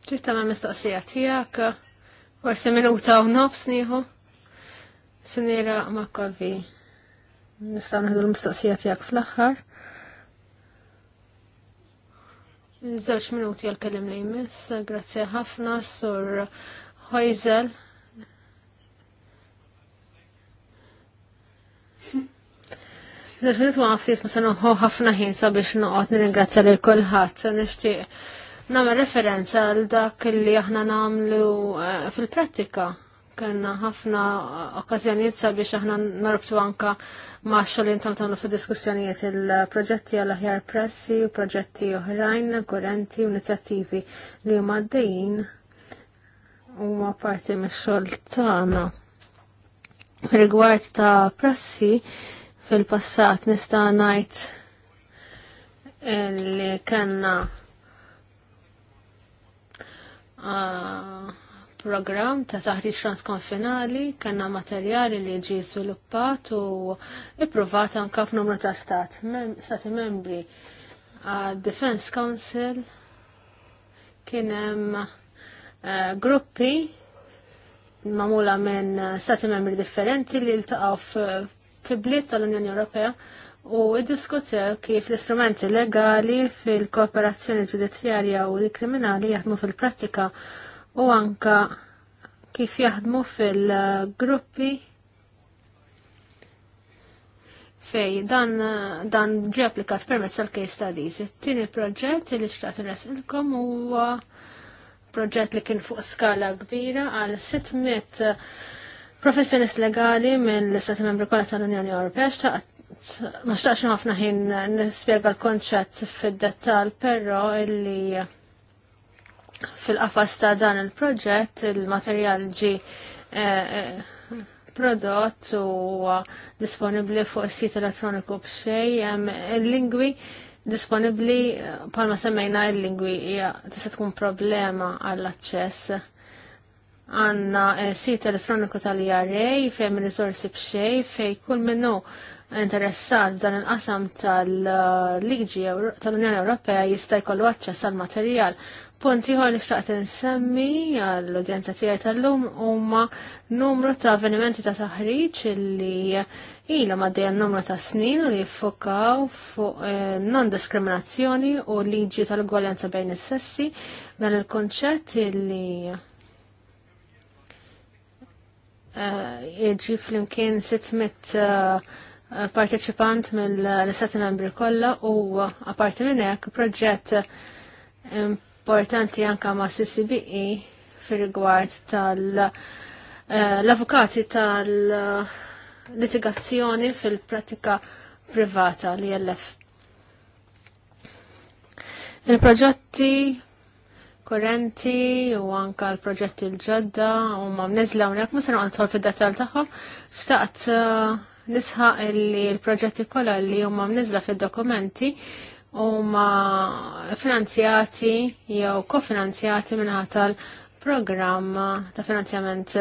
Trid tagħmel mistoqsija tiegħek, forsi minuta u nofs nieħu. Sinira kolbi. nistgħu nieħdu l-mistoqsija tiegħek fl-aħħar. Żewġ minuti għal kellim li jmiss, grazzi ħafna sur Hojzel. Nirrit minuti għaftit ma ħafna ħin sabiex noqot nir-ingrazzja kulħadd. l-kolħat. Nishtiq Namel referenza għal dak li aħna namlu eh, fil-prattika. Kenna ħafna okkazjonijiet sabiex aħna narbtu anka ma' xolin tam tamlu fil-diskussjonijiet il-proġetti għal aħjar pressi u proġetti oħrajn, kurenti, u inizjattivi li huma dejjin u ma' parti me' xol tagħna. Rigward ta' prassi, fil-passat nista' ngħid li kanna program ta' taħriġ transkonfinali kanna materjali li ġi sviluppat u ipprovat anka f'numru ta' stat, mem, stati membri għad Defense Council kien hemm uh, eh, gruppi mamula minn stati membri differenti li ltaqgħu f'bliet tal-Unjoni Ewropea u diskutew kif l-istrumenti legali fil-kooperazzjoni ġudizzjarja u l-kriminali jaħdmu fil-prattika u anka kif jaħdmu fil-gruppi fej dan, dan ġi applikat permezz tal-case studies. Tini proġett li xtaqt ilkom huwa proġett li kien fuq skala kbira għal 600 professjonist legali mill istati membri kollha tal-Unjoni Ewropea xtaqt ma xtax ħafna ħin nispjega l-konċett fid-dettal, però illi fil-qafas ta' dan il-proġett il-materjal ġi eh, eh, prodott u disponibli fuq is-sit elettroniku b'xej hemm il-lingwi disponibli palma semmejna il-lingwi hija tista' tkun problema għall-aċċess għanna eh, sit elettroniku tal-IRA fejn risorsi b'xej fej kull minnu interessat dan il-qasam tal-liġi tal-Unjoni Ewropea jista' jkollu aċċess għal materjal. Punt ieħor li xtaqt insemmi għall-udjenza tiegħi tal-lum huma numru ta' avvenimenti ta' taħriġ li ilha għaddejja numru ta' snin li jiffokaw fuq eh, non-diskriminazzjoni u liġi tal-gwaljanza bejn is-sessi dan il-konċett li eh, jiġi flimkien 600 parteċipant mill-Istati Membri kollha u apparti minn hekk proġett importanti anka ma' CCBE fir-rigward tal-avukati eh, tal-litigazzjoni fil-pratika privata li jellef. Il-proġetti korrenti u anka l-proġetti l-ġodda u ma' mnezla unek, musa naqqa fid-detal taħħom, xtaqt eh, nisħaq li l-proġetti kollha li huma mniżla fid-dokumenti huma finanzjati jew kofinanzjati minn għatal programm ta' finanzjament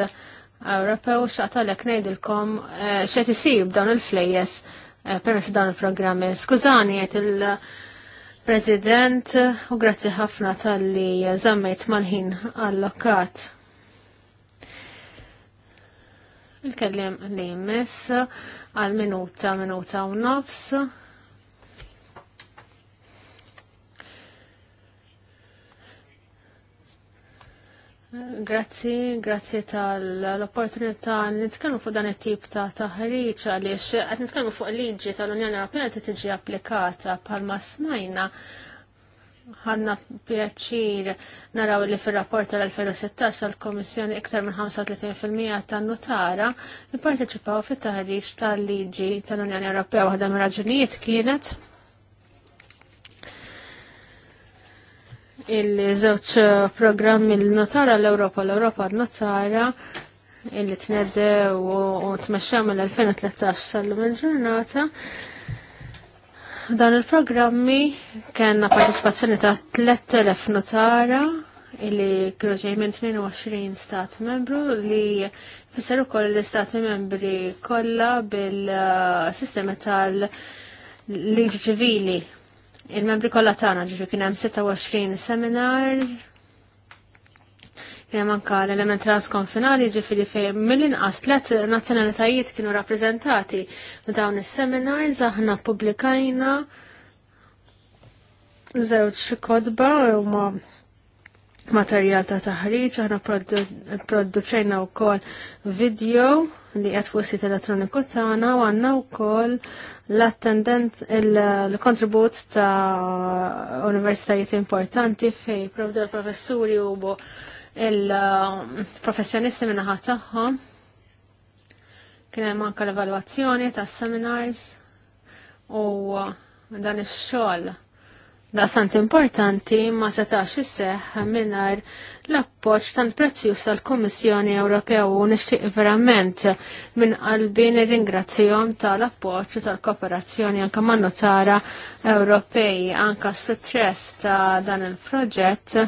Ewropew x'għatalek ngħidilkom eh, x'qed isir b'dawn il-flejjes eh, permezz dawn il-programmi. Skużani qed il- President, u grazzi ħafna tal-li zammejt mal-ħin allokat. il-kellem li jimmess għal minuta, minuta u nofs. Grazzi, grazzi tal-opportunità nitkellmu fuq dan it-tip ta' taħriġ għaliex qed nitkellmu fuq liġi tal-Unjoni Ewropea li tiġi applikata bħalma smajna ħanna pjaċir naraw li fil-rapport tal-2016 tal-Komissjoni iktar minn 35% tan-nutara parteċipaw fit-taħriġ tal-liġi tal-Unjoni Ewropea waħda minn raġunijiet kienet il-żewġ programmi l-notara l-Ewropa l-Ewropa l notara illi tneddew u tmexxew l 2013 sal-lum il-ġurnata. il ġurnata Dan il-programmi kena partecipazzjoni ta' 3000 notara illi kienu minn 22 stat membru li fisser ukoll l-istat membri kollha bil-sistema tal-liġi ċivili. Il-membri kollha tagħna ġifi kien hemm 26 seminars Hemm anke l-element transkonfinali ġifieri fejn mill-inqas tliet nazzjonalitajiet kienu rappreżentati f'dawn is-seminars aħna publikajna żewġ kodba huma materjal ta' taħriġ, aħna produċejna wkoll video li qed fuq elettroniku tagħna u għandna wkoll l-attendent il-kontribut ta' universitajiet importanti fej professuri u il-professjonisti minna ħataħħom. Kien hemm anke l-evalwazzjoni tas-seminars u dan ix-xogħol daqsant importanti ma setax isseħ mingħajr l appoġġ tant prezzjuż tal kummissjoni Ewropea u nixtieq verament minn qalbi nirringrazzjom tal u tal-kooperazzjoni anke man-notara Ewropej anke s-suċċess ta' dan il-proġett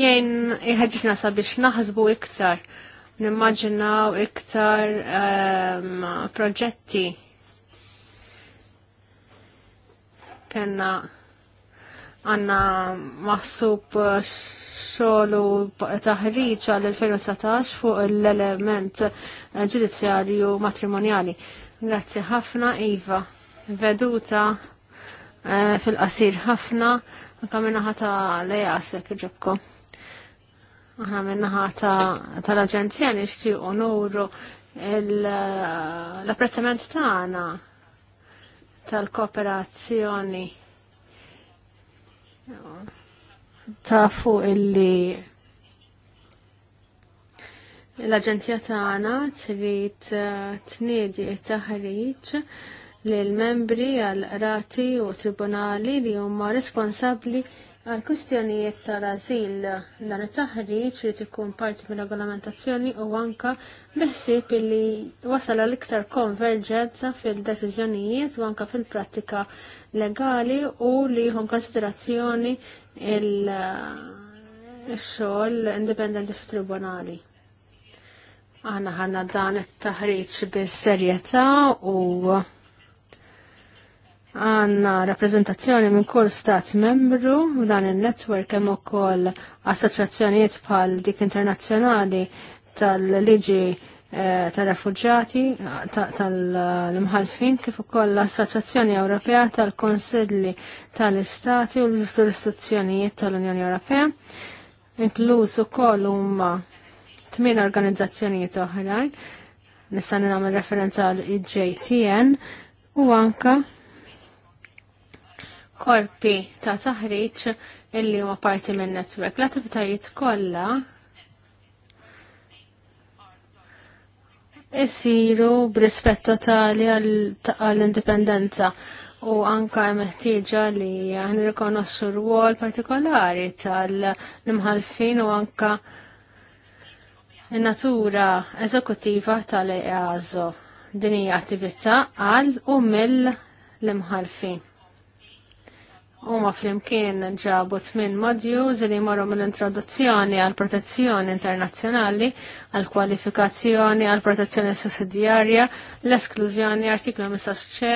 iħedġif nasa sabiex naħsbu iktar, nimmaġinaw iktar um, proġetti. Kenna għanna maħsub xogħlu taħriġ għal 2017 fuq l-element ġudizzjarju matrimonjali. Grazzi ħafna, Iva. Veduta eh, fil-qasir ħafna, kamina ħata lejasek ġibkom. Aħna minnaħa tal-Aġenzija nixtiequ nuru l-apprezzament tagħna tal-kooperazzjoni tafu illi l-Aġenzija tagħna trid eh, tniedi t-taħriġ lil membri għal rati u tribunali li huma responsabbli Għal kustjonijiet tal-azil dan it-taħriġ li ikun parti minn regolamentazzjoni u anka beħsib li wasal għal iktar konverġenza fil-deċiżjonijiet u anka fil-prattika legali u li jħun konsiderazzjoni il-xogħol indipendenti fit-tribunali. Aħna ħanna dan it-taħriġ bis-serjetà u għanna rappresentazzjoni minn kull stat membru u dan il-network hemm ukoll assoċjazzjonijiet bħal dik internazzjonali tal-liġi eh, tal-refugġati, tal mħalfin kif ukoll l-Assoċjazzjoni Ewropea tal-Konsilli tal-Istati u l-Istituzzjonijiet tal-Unjoni Ewropea, inkluż ukoll huma tmien organizzazzjonijiet oħrajn, nista' nagħmel referenza għal IJTN e u anka korpi ta' taħriġ illi huma parti minn netwerk. L-attivitajiet kollha isiru b'rispett totali għall-indipendenza u anka meħtieġa li nirrikonoxxu rwol partikolari tal nimħalfin u anka natura eżekuttiva tal-EASO. Din hija attività għal u mill-imħalfin. Huma flimkien ġabu tmin modjuż li jmorru mill-introduzzjoni għal protezzjoni internazzjonali, għal kwalifikazzjoni, għal protezzjoni sussidjarja, l-esklużjoni artiklu 15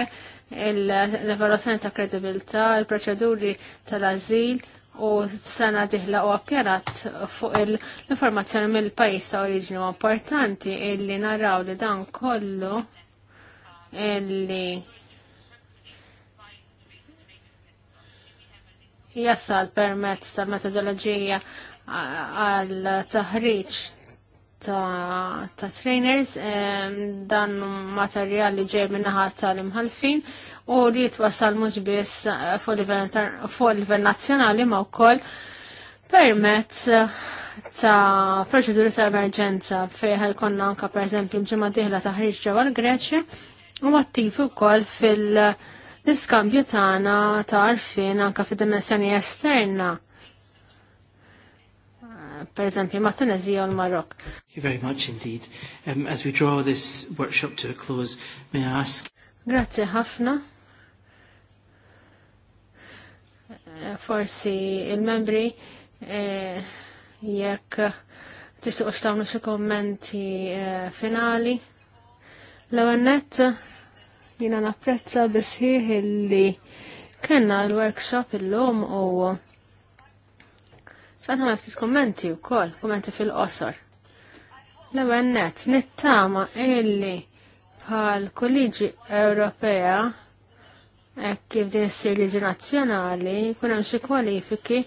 l-evaluazzjoni ta' kredibilità, il-proċeduri tal-azil u sena diħla u appjarat fuq l-informazzjoni mill-pajis ta' oriġinu importanti illi naraw li dan kollu illi jassal permezz tal-metodoloġija għal taħriġ ta', ta trainers dan materjal li ġej minnaħa tal-imħalfin u li jitwasal mhux biss eh, fuq livell nazzjonali ma' wkoll permezz eh, ta' proċeduri ta' emerġenza fejn konna anka pereżempju ġimgħa dieħla taħriġ ġewwa l-Greċja u attivi wkoll fil- l-iskambju tagħna ta' għarfien anke fid-dimensjoni esterna. Per eżempju, ma' Tunezija u l-Marok. Thank you very much indeed. Um, as we draw this workshop to a close, may I ask... Grazie ħafna. Forsi il-membri eh, jekk tisuq xtawnu xi kommenti eh, finali. l Jina napprezza bisħiħ li kena l-workshop il-lum u ċaħna ma ftit kommenti u kol, kommenti fil-qosor. L-għennet, nittama illi bħal kolliġi Ewropea kif din issir liġi nazzjonali, kun hemm xi kwalifiki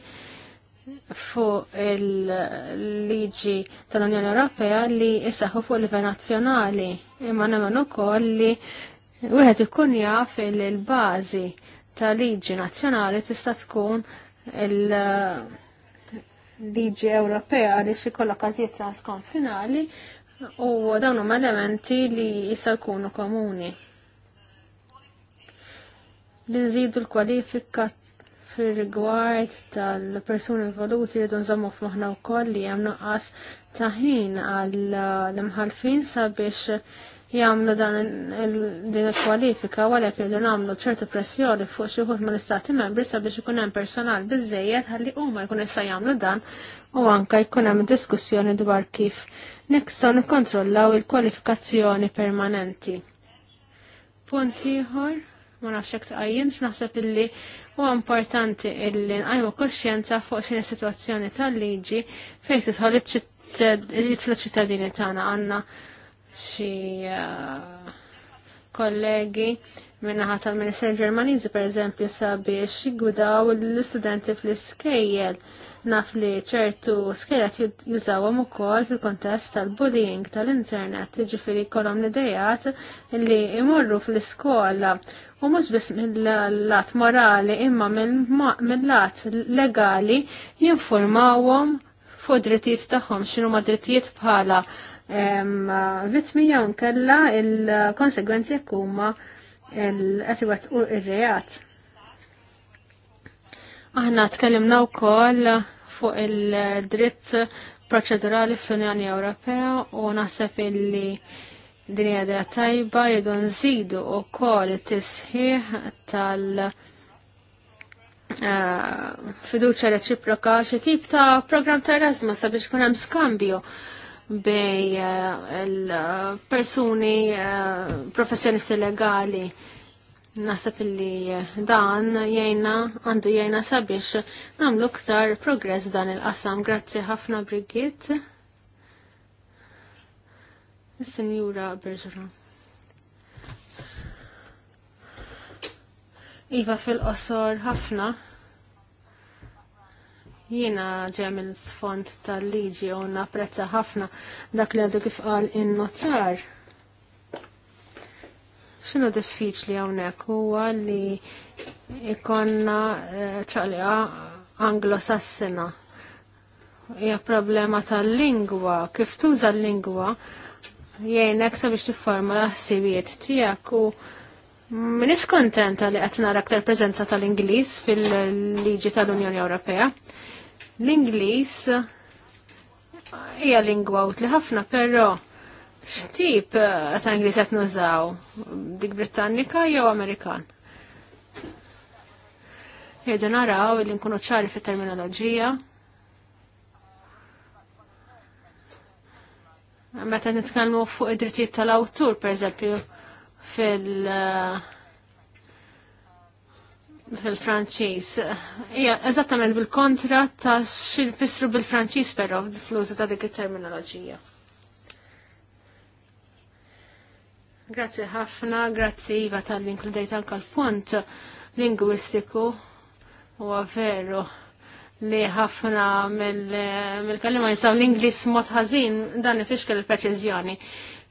fuq il-liġi tal-Unjoni Ewropea li jissaħu fuq livell nazzjonali. Imma nemmen ukoll li Wieħed ikun jaf il-bażi tal-liġi nazzjonali tista' tkun il-liġi eh, Ewropea li xi kollha każijiet transkonfinali u dawn huma elementi li jista' jkunu komuni. Li nżidu l-kwalifika fil-rigward tal-persuni involuti rridu nżommu u koll li hemm nuqqas taħin għal imħalfin sabiex jgħamlu dan din il-kwalifika u għalhekk irdu nagħmlu ċertu pressjoni fuq xi wħud mill-istati membri sabiex ikun hemm personal biżejjed ħalli huma jkun jista' jagħmlu dan u anke jkun hemm diskussjoni dwar kif nistgħu nikkontrollaw il-kwalifikazzjoni permanenti. Punt ieħor ma nafx hekk tqajjimx naħseb illi huwa importanti illi nqajmu kuxjenza fuq xi situazzjoni tal-liġi fejn tidħol ċittadini tagħna għandna xi eh, kollegi minnaħa tal-Minister Ġermaniżi per eżempju sabiex jgudaw l-istudenti fl-iskejjel naf li ċertu skejlet jużawhom ukoll fil-kontest tal-bullying tal-internet, jiġifieri jkollhom l-idejat li imorru fl-iskola u mhux biss mill-lat morali imma mill-lat legali jinformawhom fuq drittijiet tagħhom x'inhuma drittijiet bħala vittmi jawn nkella il-konsegwenzi kumma il l u ir-reat. Aħna tkellimna wkoll fuq il-dritt proċedurali fl-Unjoni Ewropea u naħseb illi din hija tajba jridu nżidu wkoll it-tisħiħ tal- eh, fiduċa reċiproka xi tip ta' program ta' Erasmus sabiex kun hemm skambju bej eh, il-persuni eh, professjonisti legali. Nasab illi eh, dan jajna għandu jajna sabiex namlu ktar progress dan il-qasam. Grazzi ħafna Brigit. Senjura Bergeron. Iva fil-qosor ħafna. Jiena ġej mill sfond tal-liġi u napprezza ħafna dak li għadu kif qal in-notar. X'inhu diffiċli hawnhekk huwa li ikonna eh, ċalja anglosassina. Hija problema tal-lingwa, kif tuża l-lingwa jgħinek sabiex tifforma l-ħsibijiet tiegħek u Minix kontenta li qed nara aktar preżenza tal-Ingliż fil-liġi tal-Unjoni Ewropea. L-Ingliż hija lingwa utli ħafna, però x'tip eh, ta' Ingliż qed nużaw? Dik Britannika jew Amerikan? Jgħidu naraw li nkunu ċari fit-terminoloġija. Meta nitkellmu fuq id-drittijiet tal-awtur, pereżempju, fil- uh, fil-Franċiż. Ija, eżattament bil-kontra ta' xin fissru bil-Franċiż però fl-użu ta' dik it-terminoloġija. Grazzi ħafna, grazie Iva tal-inkludejt anka l-punt lingwistiku u veru li ħafna mill-kallima mil jisaw l-Inglis mod ħażin dan ifixkel il-preċiżjoni.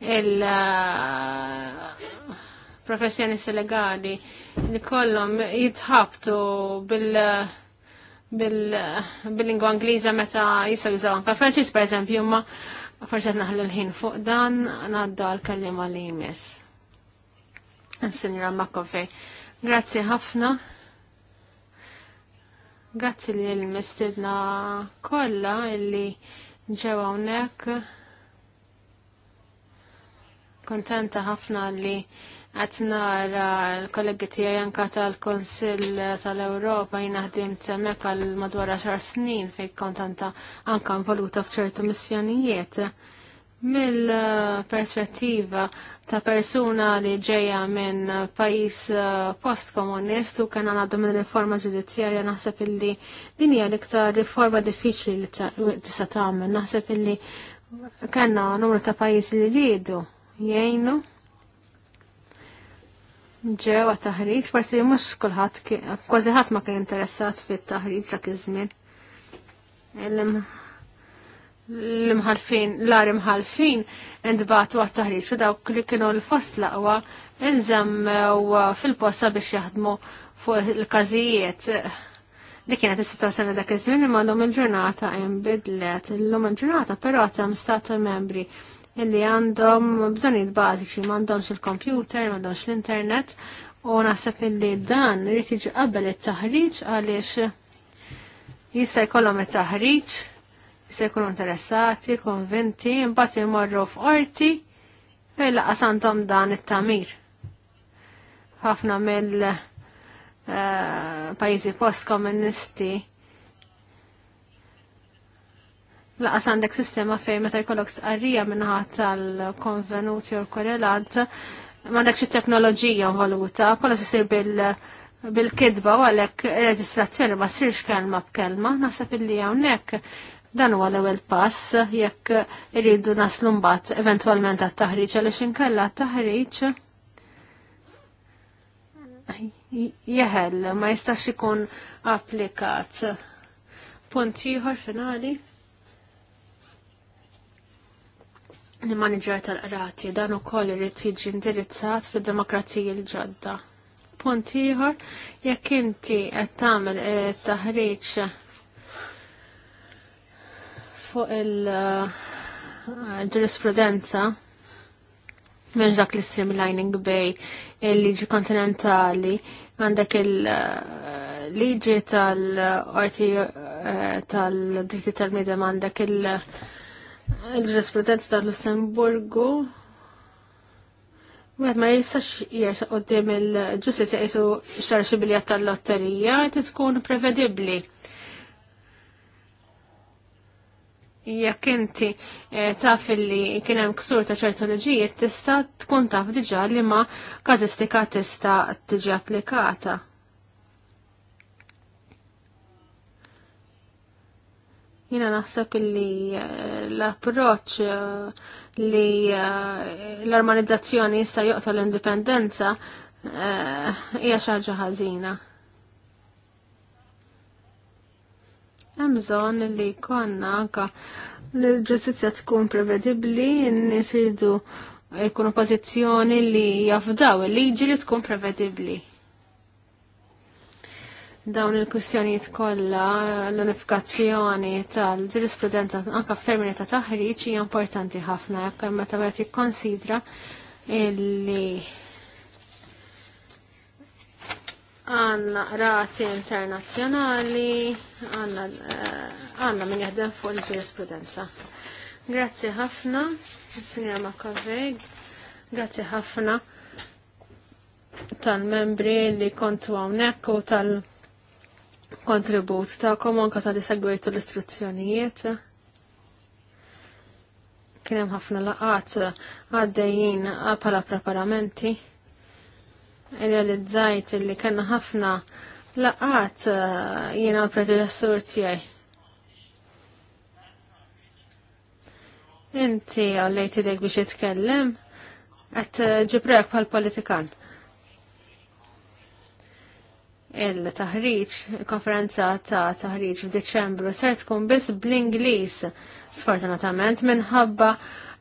Il- uh, professjonisti legali li kollhom jitħabtu bil- bil-lingwa Angliża meta jisaw jużaw anka Franċiż pereżempju huma forsi qed naħlu l-ħin fuq dan ngħadda l kelliema li jmiss. Sinjura Makovej, grazzi ħafna. Grazzi li l-mistidna kollha illi ġew hawnhekk kontenta ħafna li Għat nara l-kollegi tijaj anka tal-Konsil tal-Europa jina ħdimt mek għal madwar 10 snin fej kontanta anka involuta fċertu missjonijiet. Mill-perspettiva ta' persuna li ġeja minn pajis eh, post-komunist u kena għaddu minn riforma ġudizzjarja naħseb illi din hija l-iktar riforma diffiċli li tista' tagħmel. Naħseb illi kellna numru ta' pajis li ridu jgħinu ġewa taħriġ forsi mhux kulħadd kważi ħadd ma kien interessat fit-taħriġ dak iż-żmien. L-imħalfin, l-ar imħalfin ndbatu għat-taħriġ u dawk li kienu l-fost laqwa nżammew fil-posta biex jaħdmu fuq il-każijiet. Dik kienet is-sitwazzjoni dak iż-żmien imma l-lum il-ġurnata imbidlet, L-lum il-ġurnata però hemm stat membri illi għandhom bżonijiet bażiċi m'għandhomx il-computer, m'għandhomx l-internet u naħseb illi dan irid jiġi qabel it-taħriġ għaliex jista' jkollhom it-taħriġ, jista' jkunu interessati, konvinti, mbagħad imorru f'qorti fejn laqas għandhom dan it-tamir. Ħafna mill- eh, pajjiżi pajzi post-komunisti laqas għandek sistema fejn meta jkollok stqarrija minnaħat tal u l korrelat, m'għandekx it-teknoloġija valuta, kollha isir bil- bil-kidba u għalhekk reġistrazzjoni ma sirx kelma b'kelma, naħseb illi hawnhekk dan huwa l-ewwel pass jekk irridu naslu mbagħad eventwalment għat-taħriġ għaliex inkella għat-taħriġ jeħel ma jistax ikun applikat. Punt ieħor finali. il manager tal-qrati dan ukoll irid jiġi indirizzat fid-demokrazija l-ġodda. Punt ieħor, jekk inti qed tagħmel eh, taħriġ fuq il-ġurisprudenza eh, minn dak l-streamlining bej il-liġi kontinentali għandek il-liġi tal-orti eh, tal-dritti tal-midem għandek il-, -liġi tal orti tal dritti tal midem għandek il liġi tal tal dritti tal midem għandek il il-ġurisprudenza tal-Lussemburgu Għed ma jistax jersa dim il-ġustizja jisu xarxi bilja tal-lotterija, tkun prevedibli. Jekk inti eh, taf li kien hemm ksur ta' ċertu liġijiet tista' tkun taf diġà li ma kazistika tista' tiġi applikata. Jina naħseb eh, eh, li l-approċ eh, li l-armonizzazzjoni jista' joqtol l-indipendenza hija xi ħaġa ħażina. Hemm bżonn li konna anke l-ġustizzja tkun prevedibbli, n-nies jkunu pożizzjoni li jafdaw il-liġi li tkun prevedibbli dawn il-kwistjonijiet kollha l-unifikazzjoni tal-ġurisprudenza anke f'termini ta' taħriġ hija importanti ħafna jekk hemm meta wieħed jikkonsidra illi għanna rati internazzjonali, għanna eh, min jaħdem fuq il-ġurisprudenza. Grazzi ħafna, Signora Makovej, grazzi ħafna tal-membri li kontu għawnek u tal- kontribut ta' komonka ta' li segwejtu l-istruzzjonijiet. Kien hemm ħafna laqat għaddejjin bħala preparamenti. Realizzajt li kena ħafna laqat eh, jiena l-predeċessur tiegħi. Inti għallejti idek biex jitkellem, għat ġibrek bħal politikant il-taħriġ, konferenza ta' taħriġ f'Diċembru ser tkun biss bl-Ingliż sfortunatament minħabba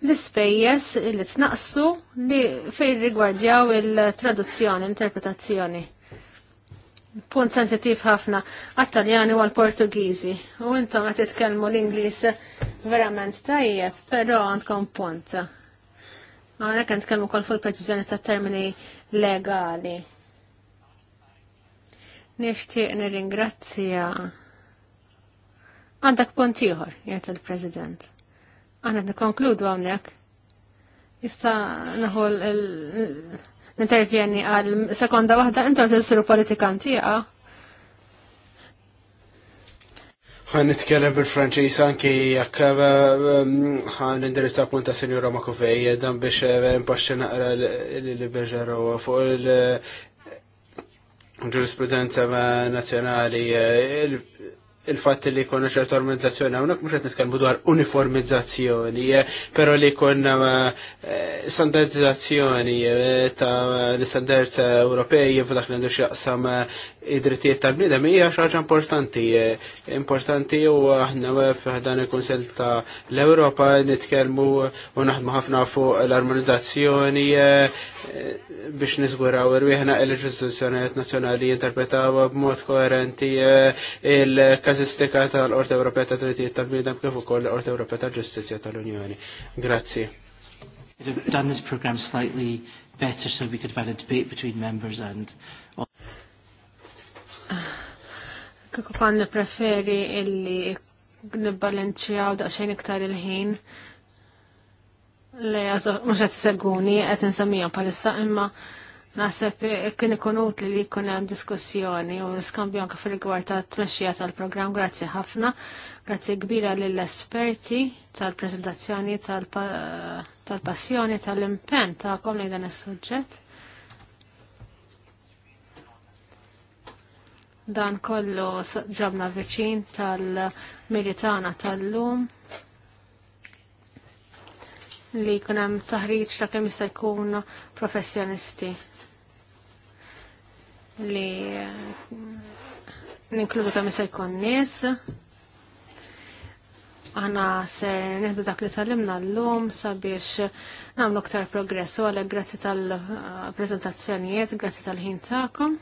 l-ispejjeż li tnaqsu li fejn rigwardjaw il-traduzzjoni, interpretazzjoni. Punt sensitiv ħafna għat-Taljani u għal-Portugiżi. U intom qed titkellmu l-Ingliż verament tajjeb, però għandkom punt. Għana kan tkellmu kol fuq preċiżjoni ta' termini legali Nixtieq nirringrazzja għandak punt ieħor, il-President. Għandna nikkonkludu hawnhekk. Issa naħol intervjeni għal sekonda waħda intom tisru politikanti għa. Għan nitkellem bil-Franċis anki jekk għan eh, eh, indirizza punta Sinjora Makovej dan biex eh, impaxxi naqra l-Beġero fuq ġurisprudenza nazjonali eh, il fat li konna ċertu armonizzazzjoni hawnhekk mhux qed nitkellmu dwar uniformizzazzjoni, eh, però li konna eh, standardizzazzjoni eh, ta' l-standards Ewropej f'dak li għandu xaqsam id-drittijiet tal bnidem hija xi ħaġa importanti. Importanti u aħna f'dan il-Kunsell ta' l-Ewropa nitkellmu u naħdmu ħafna fuq l-armonizzazzjoni biex nizguraw irwieħna il-ġurisdizzjonijiet nazzjonali jinterpretaw b'mod koerenti il kazzjoni statistika tal orta Ewropea ta' Tritijiet tal bidem kif ukoll l orta Ewropea ta' Ġustizzja tal-Unjoni. Grazzi. done this program slightly better so we could have had a debate between members and Kiku kon preferi illi nibbalanċjaw daqsxejn iktar il-ħin li mhux qed seguni qed insemmija bħalissa imma Naħseb kien ikun utli li jkun hemm diskussjoni u skambju anke fil-rigward ta' tmexxija tal-programm. Grazzi ħafna. Grazzi kbira lill-esperti tal-preżentazzjoni tal-passjoni tal-impenn tagħkom li dan is-suġġett. Dan kollu ġabna viċin tal-militana tal-lum li jkun hemm taħriġ ta' kemm jista' jkun professjonisti li ninkludu ta' se konnis. Għana Aħna ser neħdu dak li l llum sabiex nagħmlu ktar progress u għalhekk grazzi tal-preżentazzjonijiet, grazzi tal-ħin ta'kom.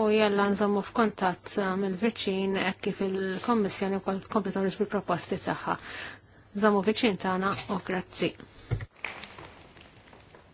U jella nżommu f'kontatt mill-viċin hekk kif il-Kommissjoni kompletu bil proposti tagħha. Nżommu viċin tagħna u grazzi.